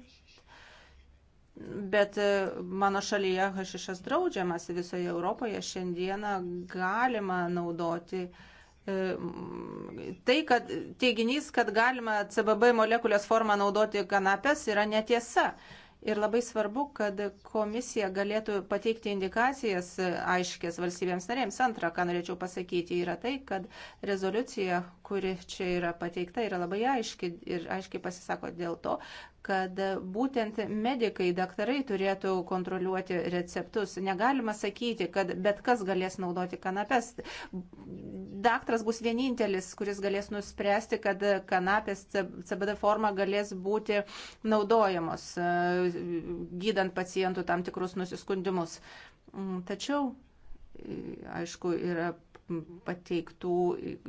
Speaker 3: nu, bet e, mano šalyje hašišas draudžiamas visoje Europoje šiandieną galima naudoti uh, Tai, kad teiginys, kad galima CBB molekulės formą naudoti kanapės, yra netiesa. Ir labai svarbu, kad komisija galėtų pateikti indikacijas aiškės valstybėms narėms. Antra, ką norėčiau pasakyti, yra tai, kad rezoliucija, kuri čia yra pateikta, yra labai aiški ir aiškiai pasisako dėl to, kad būtent medikai, daktarai turėtų kontroliuoti receptus. Negalima sakyti, kad bet kas galės naudoti kanapes. Daktaras bus vienintelis, kuris galės nuspręsti, kad kanapės CBD forma galės būti naudojamos, gydant pacientų tam tikrus nusiskundimus. Mm, tačiau, aišku, yra pateiktų,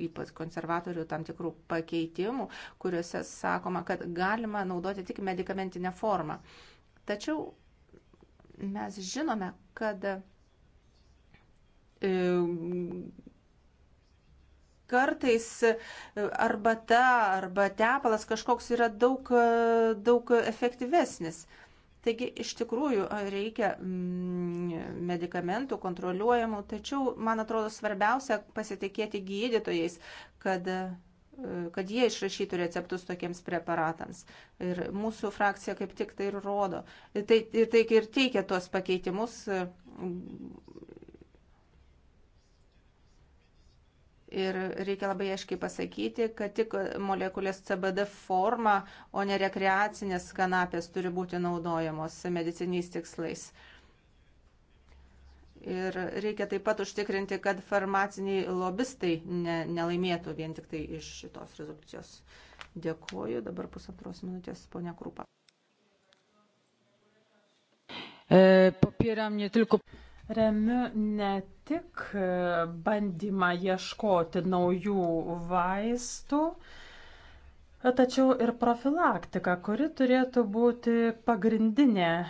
Speaker 3: ypač konservatorių, tam tikrų pakeitimų, kuriuose sakoma, kad galima naudoti tik medikamentinę formą. Tačiau mes žinome, kad e, kartais arbata arba tepalas kažkoks yra daug, daug efektyvesnis. Taigi iš tikrųjų reikia mm, medikamentų kontroliuojamų, tačiau man atrodo svarbiausia pasitikėti gydytojais, kad kad jie išrašytų receptus tokiems preparatams. Ir mūsų frakcija kaip tik tai ir rodo. Ir tai, ir tai ir teikia tuos pakeitimus Ir reikia labai aiškiai pasakyti, kad tik molekulės CBD forma, o ne rekreacinės kanapės turi būti naudojamos mediciniais tikslais. Ir reikia taip pat užtikrinti, kad farmaciniai lobistai ne, nelaimėtų vien tik tai iš šitos rezoliucijos. Dėkuoju. Dabar pusantros minutės, ponia Krupa. E,
Speaker 1: popieram ne tik. Tylko remiu ne tik bandymą ieškoti naujų vaistų, Tačiau ir profilaktika, kuri turėtų būti pagrindinė e,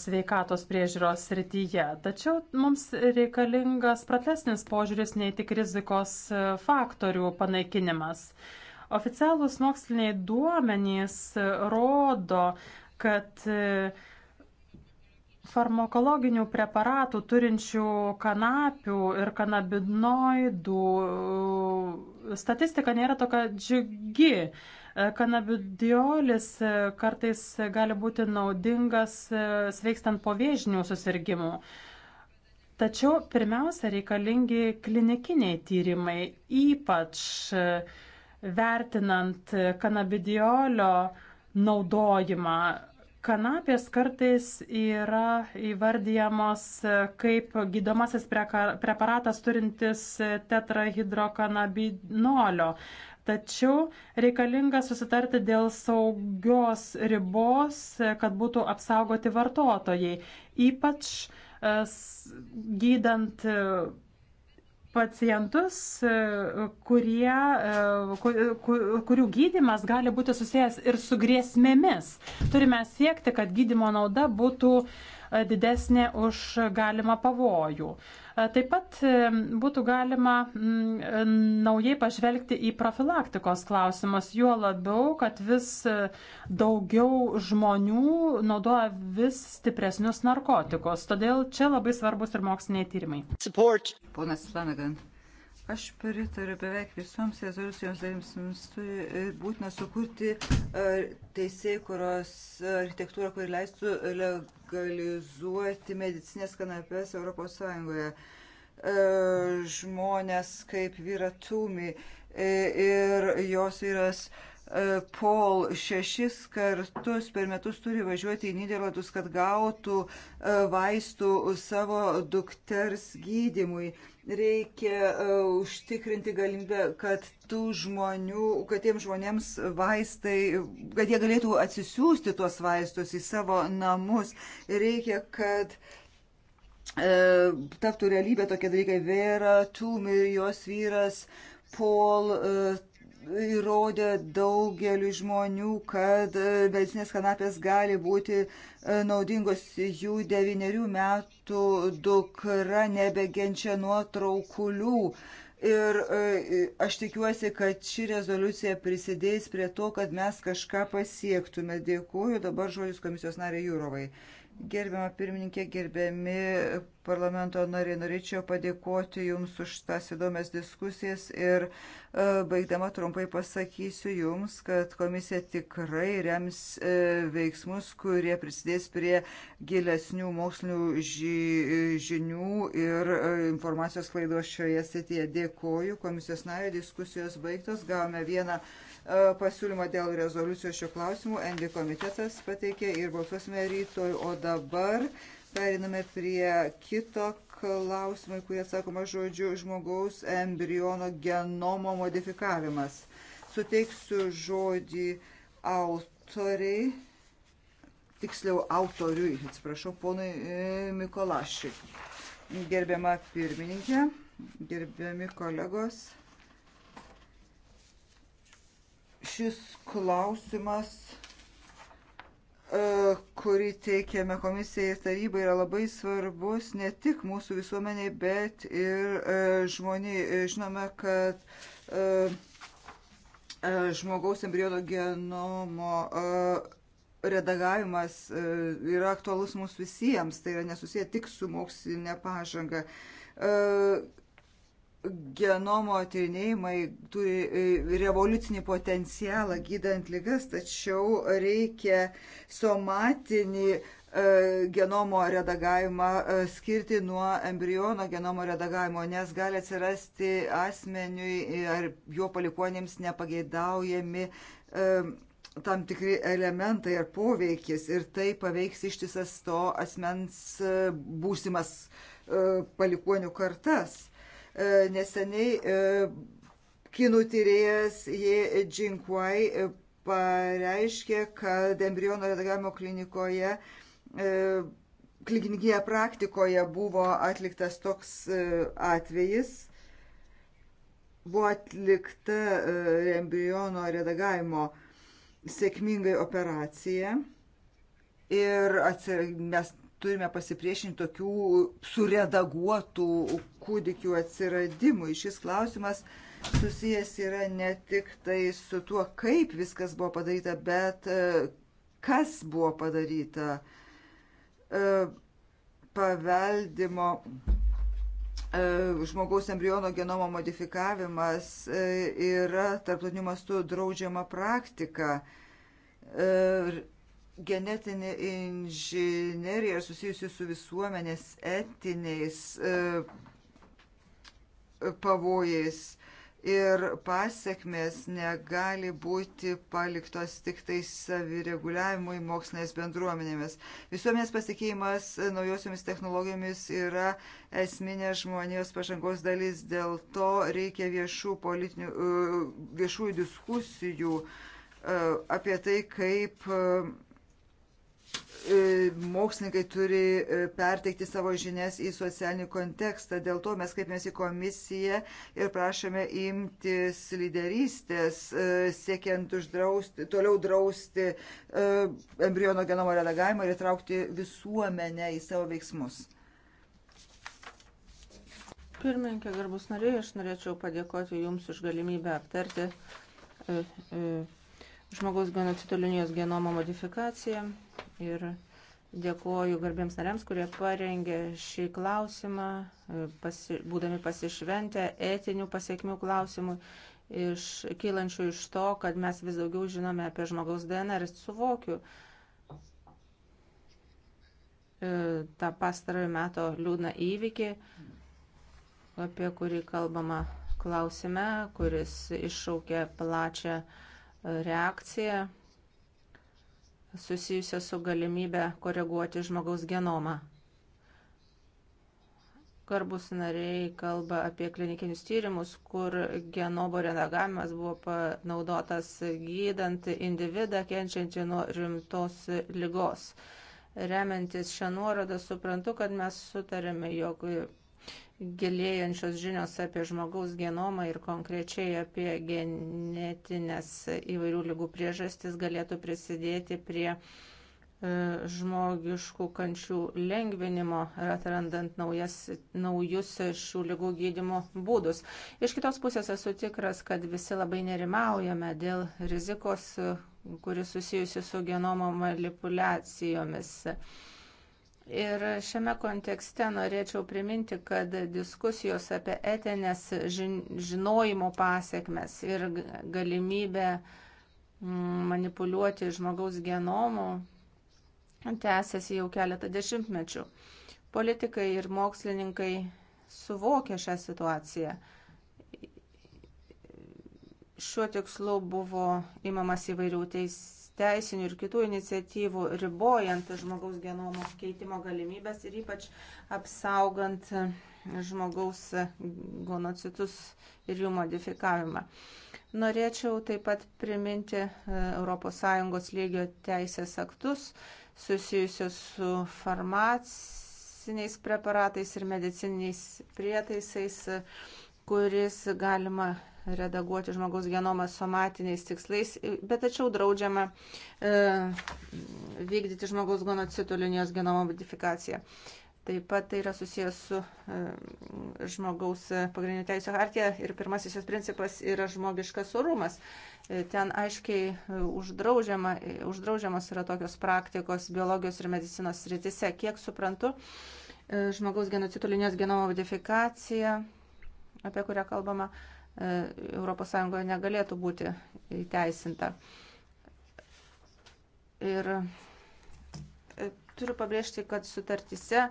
Speaker 1: sveikatos priežiūros srityje. Tačiau mums reikalingas platesnis požiūris nei tik rizikos e, faktorių panaikinimas. Oficialūs moksliniai duomenys e, rodo, kad farmakologinių preparatų turinčių kanapių ir kanabinoidų e, statistika nėra tokia džiugi. E, kanabidiolis e, kartais gali būti naudingas sveikstant po vėžinių susirgymų. Tačiau pirmiausia reikalingi klinikiniai tyrimai, ypač vertinant kanabidiolio naudojimą Kanapės kartais yra įvardyjamos e, kaip gydomasis preparatas turintis e, tetrahidrokanabinolio. Tačiau reikalinga susitarti dėl saugios ribos, e, kad būtų apsaugoti vartotojai, ypač gydant pacientus, e, kurie, e, kurių gydimas gali būti susijęs ir su grėsmėmis. Turime siekti, kad gydimo nauda būtų uh, didesnė už galimą pavojų. E, taip pat e, būtų galima naujai pažvelgti į profilaktikos klausimus, juo labiau, kad vis e, daugiau žmonių naudoja vis stipresnius
Speaker 2: narkotikus. Todėl čia labai svarbus ir moksliniai tyrimai. Support. Ponas Flanagan. Aš pritariu beveik visoms rezoliucijoms dalims. E, būtina sukurti e, teisėjų, kurios e, architektūrą, kuri leistų legalizuoti medicinės kanapės ES. Žmonės kaip vyra Tumi ir jos vyras Paul šešis kartus per metus turi važiuoti į Niderlandus, kad gautų vaistų savo dukters gydimui reikia e, užtikrinti galimybę, kad tų žmonių, kad tiem žmonėms vaistai, kad jie galėtų atsisiųsti tuos vaistus į savo namus. Reikia, kad e, taptų realybė tokie dalykai. Vera, Tum ir jos vyras, Paul, e, įrodė daugeliu žmonių, kad e, medicinės kanapės gali būti e, naudingos. Jų devyniarių metų dukra nebegenčia nuo traukulių. Ir e, aš tikiuosi, kad ši rezoliucija prisidės prie to, kad mes kažką pasiektume. Dėkuoju dabar žodis komisijos nariai Jūrovai. Gerbiama pirmininkė, gerbiami parlamento nariai, norėčiau padėkoti Jums už tas įdomias diskusijas ir e, baigdama trumpai pasakysiu Jums, kad komisija tikrai rems e, veiksmus, kurie prisidės prie gilesnių mokslinių žinių ir e, informacijos klaidos šioje srityje. Dėkoju komisijos nario, diskusijos baigtos, gavome vieną. E, pasiūlymą dėl rezoliucijos šiuo klausimu. Endi komitetas pateikė ir balsuosime rytoj. O dabar periname prie kito klausimo, į kurį atsakoma žodžiu žmogaus embriono genomo modifikavimas. Suteiksiu žodį autoriai, tiksliau autoriui, atsiprašau, ponui e, Mikolašik. Gerbiama pirmininkė, gerbiami kolegos. Šis klausimas, e, kurį teikėme komisijai ir tarybai, yra labai svarbus ne tik mūsų visuomeniai, bet ir e, žmoniai. E, žinome, kad žmogaus embriono genomo redagavimas yra aktualus mums visiems, tai yra nesusiję tik su mokslinė pažanga genomo tyrinėjimai turi e, revoliucinį potencialą gydant lygas, tačiau reikia somatinį e, genomo redagavimą e, skirti nuo embriono genomo redagavimo, nes gali atsirasti asmeniui ar jo palikonėms nepageidaujami tam tikri elementai ar poveikis ir tai paveiks ištisas to asmens būsimas palikonių kartas E, neseniai e, kinų tyrėjas Jie Džinkuai e, pareiškė, kad embriono redagavimo klinikoje klinikinėje praktikoje buvo atliktas toks atvejis. Buvo atlikta embriono redagavimo sėkmingai operacija ir atsir... mes turime pasipriešinti tokių suredaguotų kūdikių atsiradimui. Šis klausimas susijęs yra ne tik tai su tuo, kaip viskas buvo padaryta, bet e, kas buvo padaryta e, paveldimo e, žmogaus embriono genomo modifikavimas yra tarptautiniu mastu draudžiama praktika. Genetinė inžinierija susijusi su visuomenės etiniais pavojais ir pasiekmes negali būti paliktos tik tai savireguliavimui mokslinės bendruomenėmis. Visuomenės pasikeimas naujosiomis technologijomis yra esminė žmonijos pažangos dalis, dėl to reikia viešų politinių, viešųjų diskusijų e, apie tai, kaip e, mokslininkai turi e, perteikti savo žinias į socialinį kontekstą. Dėl to mes kreipėmės į komisiją ir prašome imtis lyderystės, e, siekiant uždrausti, toliau drausti e, embriono genomo redagavimą ir įtraukti visuomenę į savo veiksmus.
Speaker 3: Pirmininkė, garbus nariai, aš norėčiau padėkoti Jums už galimybę aptarti žmogaus genocido linijos genomo modifikaciją ir Dėkuoju garbėms nariams, kurie parengė šį klausimą, pasi, būdami pasišventę etinių pasiekmių klausimų, iš, kylančių iš to, kad mes vis daugiau žinome apie žmogaus DNR ir suvokiu e, tą pastarąjį meto liūdną įvykį, apie kurį kalbama klausime, kuris iššaukė plačią e, reakciją susijusią su galimybę koreguoti žmogaus genomą. Garbus nariai kalba apie klinikinius tyrimus, kur genomo redagavimas buvo panaudotas gydant individą kenčiantį nuo rimtos lygos. Remiantis šią nuorodą, suprantu, kad mes sutarėme, jog gilėjančios žinios apie žmogaus genomą ir konkrečiai apie genetinės įvairių lygų priežastis galėtų prisidėti prie e, žmogiškų kančių lengvinimo ir atrandant naujas, naujus šių lygų gydimo būdus. Iš kitos pusės esu tikras, kad visi labai nerimaujame dėl rizikos, kuris susijusi su genomo manipulacijomis. Ir šiame kontekste norėčiau priminti, kad diskusijos apie etinės žinojimo pasiekmes ir galimybę mm, manipuliuoti žmogaus genomu tęsiasi jau keletą dešimtmečių. Politikai ir mokslininkai suvokia šią situaciją. Šiuo tikslu buvo imamas įvairių teisų teisinių ir kitų iniciatyvų, ribojant žmogaus genomo keitimo galimybės ir ypač apsaugant žmogaus gonocitus ir jų modifikavimą. Norėčiau taip pat priminti ES lygio teisės aktus susijusios su farmaciniais preparatais ir medicininiais prietaisais, e, kuris galima redaguoti žmogaus genomą somatiniais tikslais, bet tačiau draudžiama e, vykdyti žmogaus gonocitų linijos genomo modifikaciją. Taip pat tai yra susijęs su e, žmogaus pagrindinių teisų hartija ir pirmasis jos principas yra žmogiškas orumas. E, ten aiškiai e, uždraudžiama, e, uždraudžiamas yra tokios praktikos biologijos ir medicinos sritise. Kiek suprantu, e, žmogaus genocitų linijos genomo modifikacija, apie kurią kalbama, e, ES negalėtų būti įteisinta. Ir e, turiu pabrėžti, kad sutartise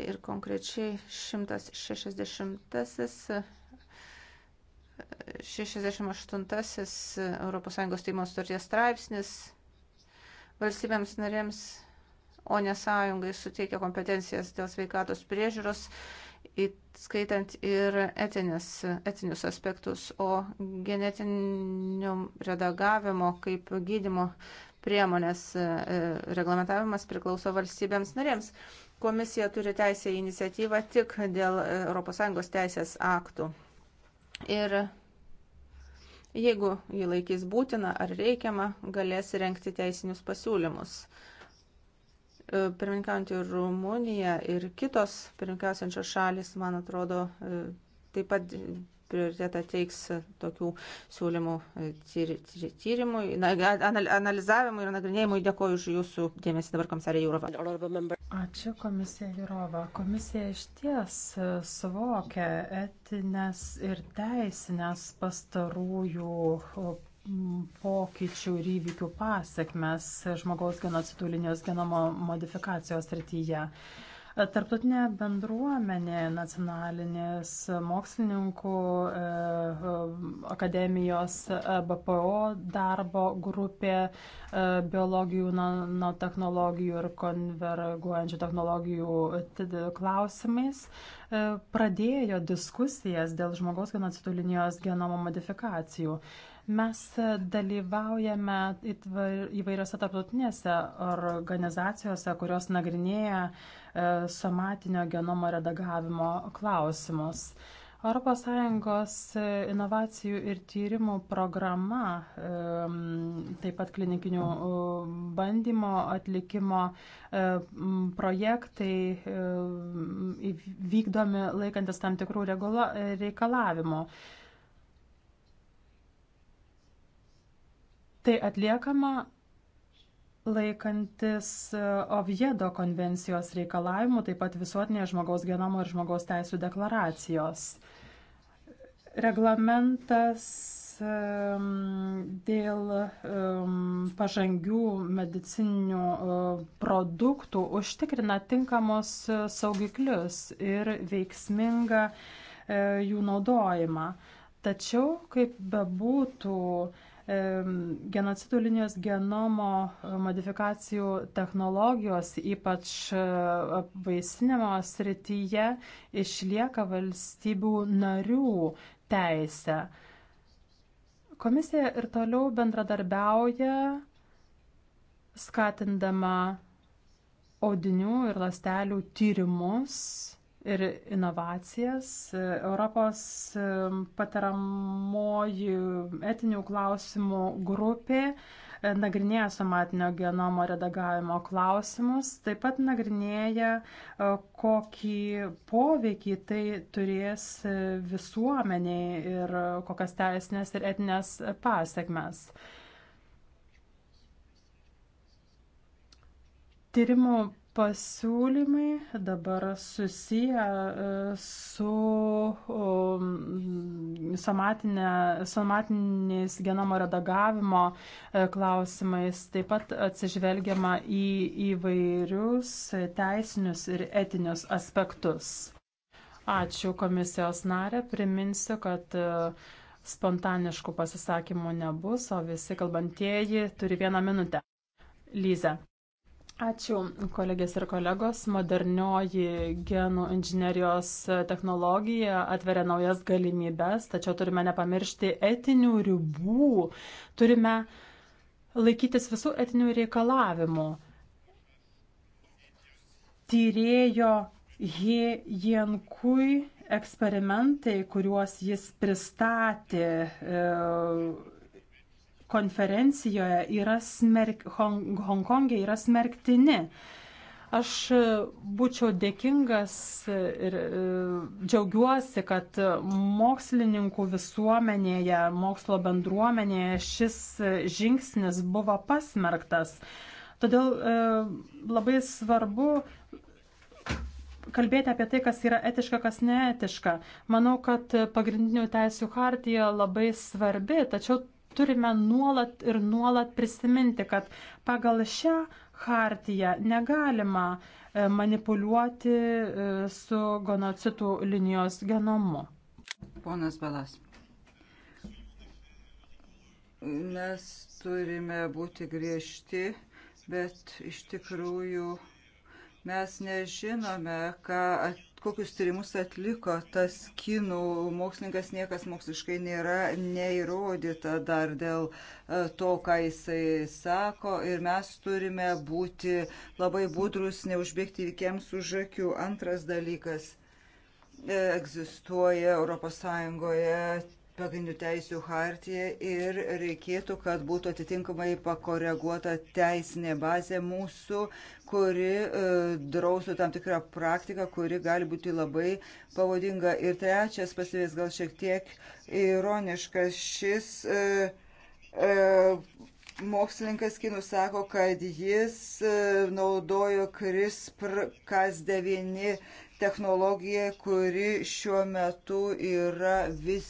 Speaker 3: ir konkrečiai 160 68 ES teimo sutarties straipsnis valstybėms narėms, o ne sąjungai suteikia kompetencijas dėl sveikatos priežiūros skaitant ir etinės, etinius aspektus, o genetinio redagavimo kaip gydimo priemonės e, reglamentavimas priklauso valstybėms narėms. Komisija turi teisę į iniciatyvą tik dėl ES teisės aktų. Ir jeigu jį laikys būtina ar reikiama, galės renkti teisinius pasiūlymus. E, pirmininkaujant ir Rumunija ir kitos pirmininkausiančios šalis, man atrodo, e, taip pat prioritetą teiks tokių siūlymų e, tyri, tyri, tyrimui, na, analizavimui ir nagrinėjimui. Dėkoju už jūsų dėmesį dabar, komisarė Jūrova.
Speaker 1: Ačiū, komisija Jūrova. Komisija iš ties suvokia etinės ir teisinės pastarųjų pokyčių ir įvykių pasiekmes žmogaus genocidų linijos genomo modifikacijos srityje. Tarptautinė bendruomenė, nacionalinės mokslininkų e, akademijos e, BPO darbo grupė e, biologijų, nanotehnologijų ir konverguojančių technologijų klausimais pradėjo diskusijas dėl žmogaus genocidų linijos genomo modifikacijų. Mes dalyvaujame įvairiose tarptautinėse organizacijose, kurios nagrinėja e, somatinio genomo redagavimo klausimus. ES inovacijų ir tyrimų programa, taip pat klinikinių e, bandymo atlikimo e, projektai vykdomi laikantis tam tikrų reikalavimų. Tai atliekama laikantis e, Oviedo konvencijos reikalavimų, taip pat visuotinės žmogaus genomo ir žmogaus teisų deklaracijos. Reglamentas e, dėl e, pažangių medicinių produktų užtikrina tinkamus saugiklius ir veiksmingą jų naudojimą. Tačiau, kaip bebūtų, būtų, genocidų linijos genomo e, modifikacijų technologijos, ypač e, vaisinimo srityje, išlieka valstybių narių teisę. Komisija ir toliau bendradarbiauja, skatindama audinių ir lastelių tyrimus ir inovacijas. Europos patariamoji etinių klausimų grupė e, nagrinėja somatinio genomo redagavimo klausimus, taip pat nagrinėja, e, kokį poveikį tai turės e, visuomeniai ir kokias teisinės ir etinės pasiekmes. Tyrimų pasiūlymai dabar susiję e, su somatinė, somatiniais genomo redagavimo e, klausimais. Taip pat atsižvelgiama į įvairius teisinius ir etinius aspektus. Ačiū komisijos narė. Priminsiu, kad e, spontaniškų pasisakymų nebus, o visi kalbantieji turi vieną minutę. Lyze. Ačiū, kolegės ir kolegos. Modernioji genų inžinerijos technologija atveria naujas galimybės, tačiau turime nepamiršti etinių ribų. Turime laikytis visų etinių reikalavimų. Tyrėjo He Jenkui eksperimentai, kuriuos jis pristatė. E, konferencijoje yra smerk, Hong, Hongkongė yra smerktini. Aš e, būčiau dėkingas ir e, džiaugiuosi, kad mokslininkų visuomenėje, mokslo bendruomenėje šis žingsnis buvo pasmerktas. Todėl e, labai svarbu kalbėti apie tai, kas yra etiška, kas neetiška. Manau, kad pagrindinių teisų hartija labai svarbi, tačiau turime nuolat ir nuolat prisiminti, kad pagal šią hartiją negalima e, manipuliuoti e, su gonocitų linijos genomu. Ponas
Speaker 2: Balas. Mes turime būti griežti, bet iš tikrųjų mes nežinome, ką atėjo kokius tyrimus atliko tas kinų mokslininkas, niekas moksliškai nėra neįrodyta dar dėl e, to, ką jisai sako. Ir mes turime būti labai budrus, neužbėgti įvykiams už akių. Antras dalykas e, egzistuoja ES pagrindinių teisių hartiją ir reikėtų, kad būtų atitinkamai pakoreguota teisinė bazė mūsų, kuri e, drausų tam tikrą praktiką, kuri gali būti labai pavadinga. Ir trečias pasivės gal šiek tiek ironiškas šis. E, e, Mokslininkas kinų sako, kad jis e, naudojo CRISPR-Cas9 technologiją, kuri šiuo metu yra vis